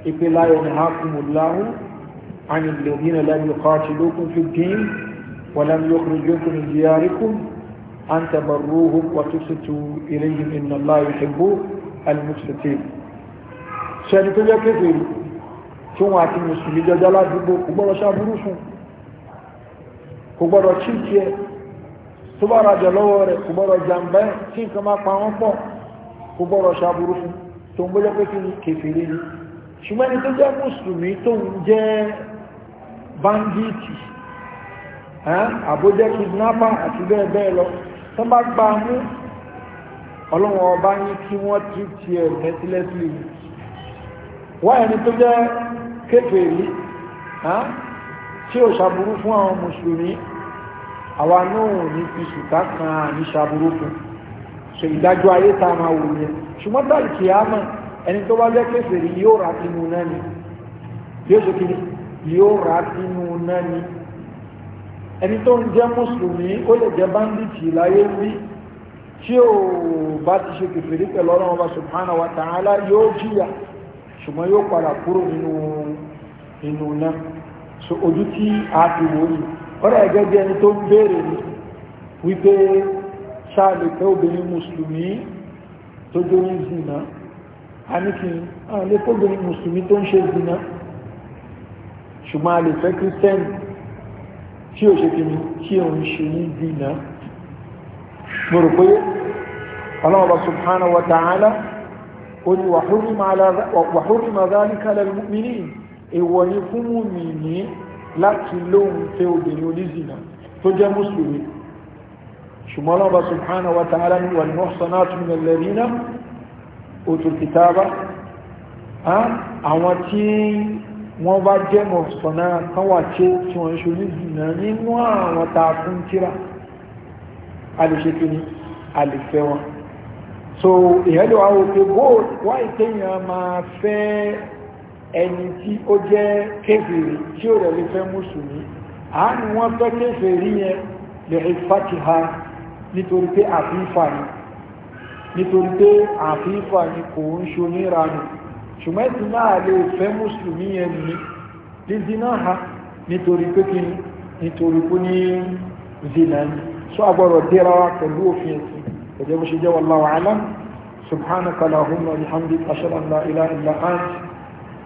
ìpè láyọ̀ ní hákùmùláhù àni lèmínà lẹ́nu kọ́ọ̀tì lókun fi dín wọ̀lẹ́nu yókùnrin lókùnrin diyarikum an tabarruhum wa tusitu ilayhim inna allaha yuhibbu al-muqsitin ṣẹni tó jẹ́ kéfèrè tí wọ́n àti mùsùlùmí jọjá ládùúgbò kò gbọ́dọ̀ ṣàbúrú fún kò gbọ́dọ̀ tó bá rajà lọ́wọ́ rẹ̀ kò gbọ́dọ̀ jàǹbá ẹ̀ tí nǹkan máa pa wọ́n pọ̀ kò gbọ́dọ̀ fún tó ń bójá pé kí ni kèfèrè ni ṣùgbọ́n ẹni tó jẹ́ mùsùlùmí tó ń jẹ́ banditi àbójẹ́ kidnapper àti bẹ́ẹ̀ bẹ́ẹ̀ lọ tó bá gbá mú ọlọ́wọ́ ọba ní kí wọ́n ti ti ẹ̀ mẹ́tílẹ́sìlì wá ẹni tó jẹ́ kèfèrè tí ò ṣàbúrú fún àwọn mùsùlùmí àwa náà ní fi ṣùtá kan àní ṣàbúrò fún ṣe ìdájọ́ ayé tá a máa wò yẹn ṣùgbọ́n táì kì á mọ̀ ẹni tó bá jẹ́ kẹsẹ̀ rí yóò rà sínú náà ni yóò ṣe kiri yóò rà sínú náà ni ẹni tó ń jẹ́ mùsùlùmí ó lè jẹ́ báńdíìtì láyé rí tí ó bá ti ṣe kèfèrí pẹ̀lú ọ̀rọ̀ ọba subhanahu wa ta'ala yóò jìyà ṣùgbọ́n yóò padà kúrò nínú náà so ojú tí a ti wò yìí ọ̀rẹ́ ẹ̀gẹ́ jẹ́ ẹni tó ń béèrè wípé ṣáàlì pé obìnrin mùsùlùmí tó jó ń zìnà a ní kí àwọn ilé kóbìnrin mùsùlùmí tó ń ṣe zìnà ṣùgbọ́n a lè fẹ́ kírísítẹ́nì tí ò ṣe kìíní tí ò ń ṣe ní zìnà mo rò pé ọlọ́wọ́ subhanahu wa ta'ala ó ní wàhúrí màdálí kalẹ̀ mùmíní èèwọ̀ ni fún mùmíní láti lóhun tẹ obìnrin onízìnà tó jẹ́ mùsùlùmí ṣùgbọ́n lọ́wọ́ subhanahu wa ta'ala ni wal muhsanatu minal ladina utul kitaba àwọn tí wọ́n bá jẹ́ mọ̀sánà kan wà tí tí wọ́n ṣe onízìnà nínú àwọn ta fún tíra a lè ṣe wọn so ìhẹ́lò àwọn òkè bóòlù wáyé téèyàn máa fẹ́ ẹni tí ó jẹ́ kéfèrè tí ó rẹ̀ lè fẹ́ mùsùlùmí àánú wọ́n fẹ́ kéfèrè yẹn lè rí fatiha nítorí pé àfífà ni nítorí pé àfífà ni kò ń ṣe oníranù ṣùgbọ́n ti náà lè fẹ́ mùsùlùmí yẹn ní lídínà ha nítorí pé kí nítorí kú ní zina ni so agbọ́rọ̀ dẹ́ra pẹ̀lú òfin ẹ̀sìn ẹ̀jẹ̀ bó ṣe jẹ́ wallahu alam subhanaka lahumma wa bihamdika ashhadu an la ilaha illa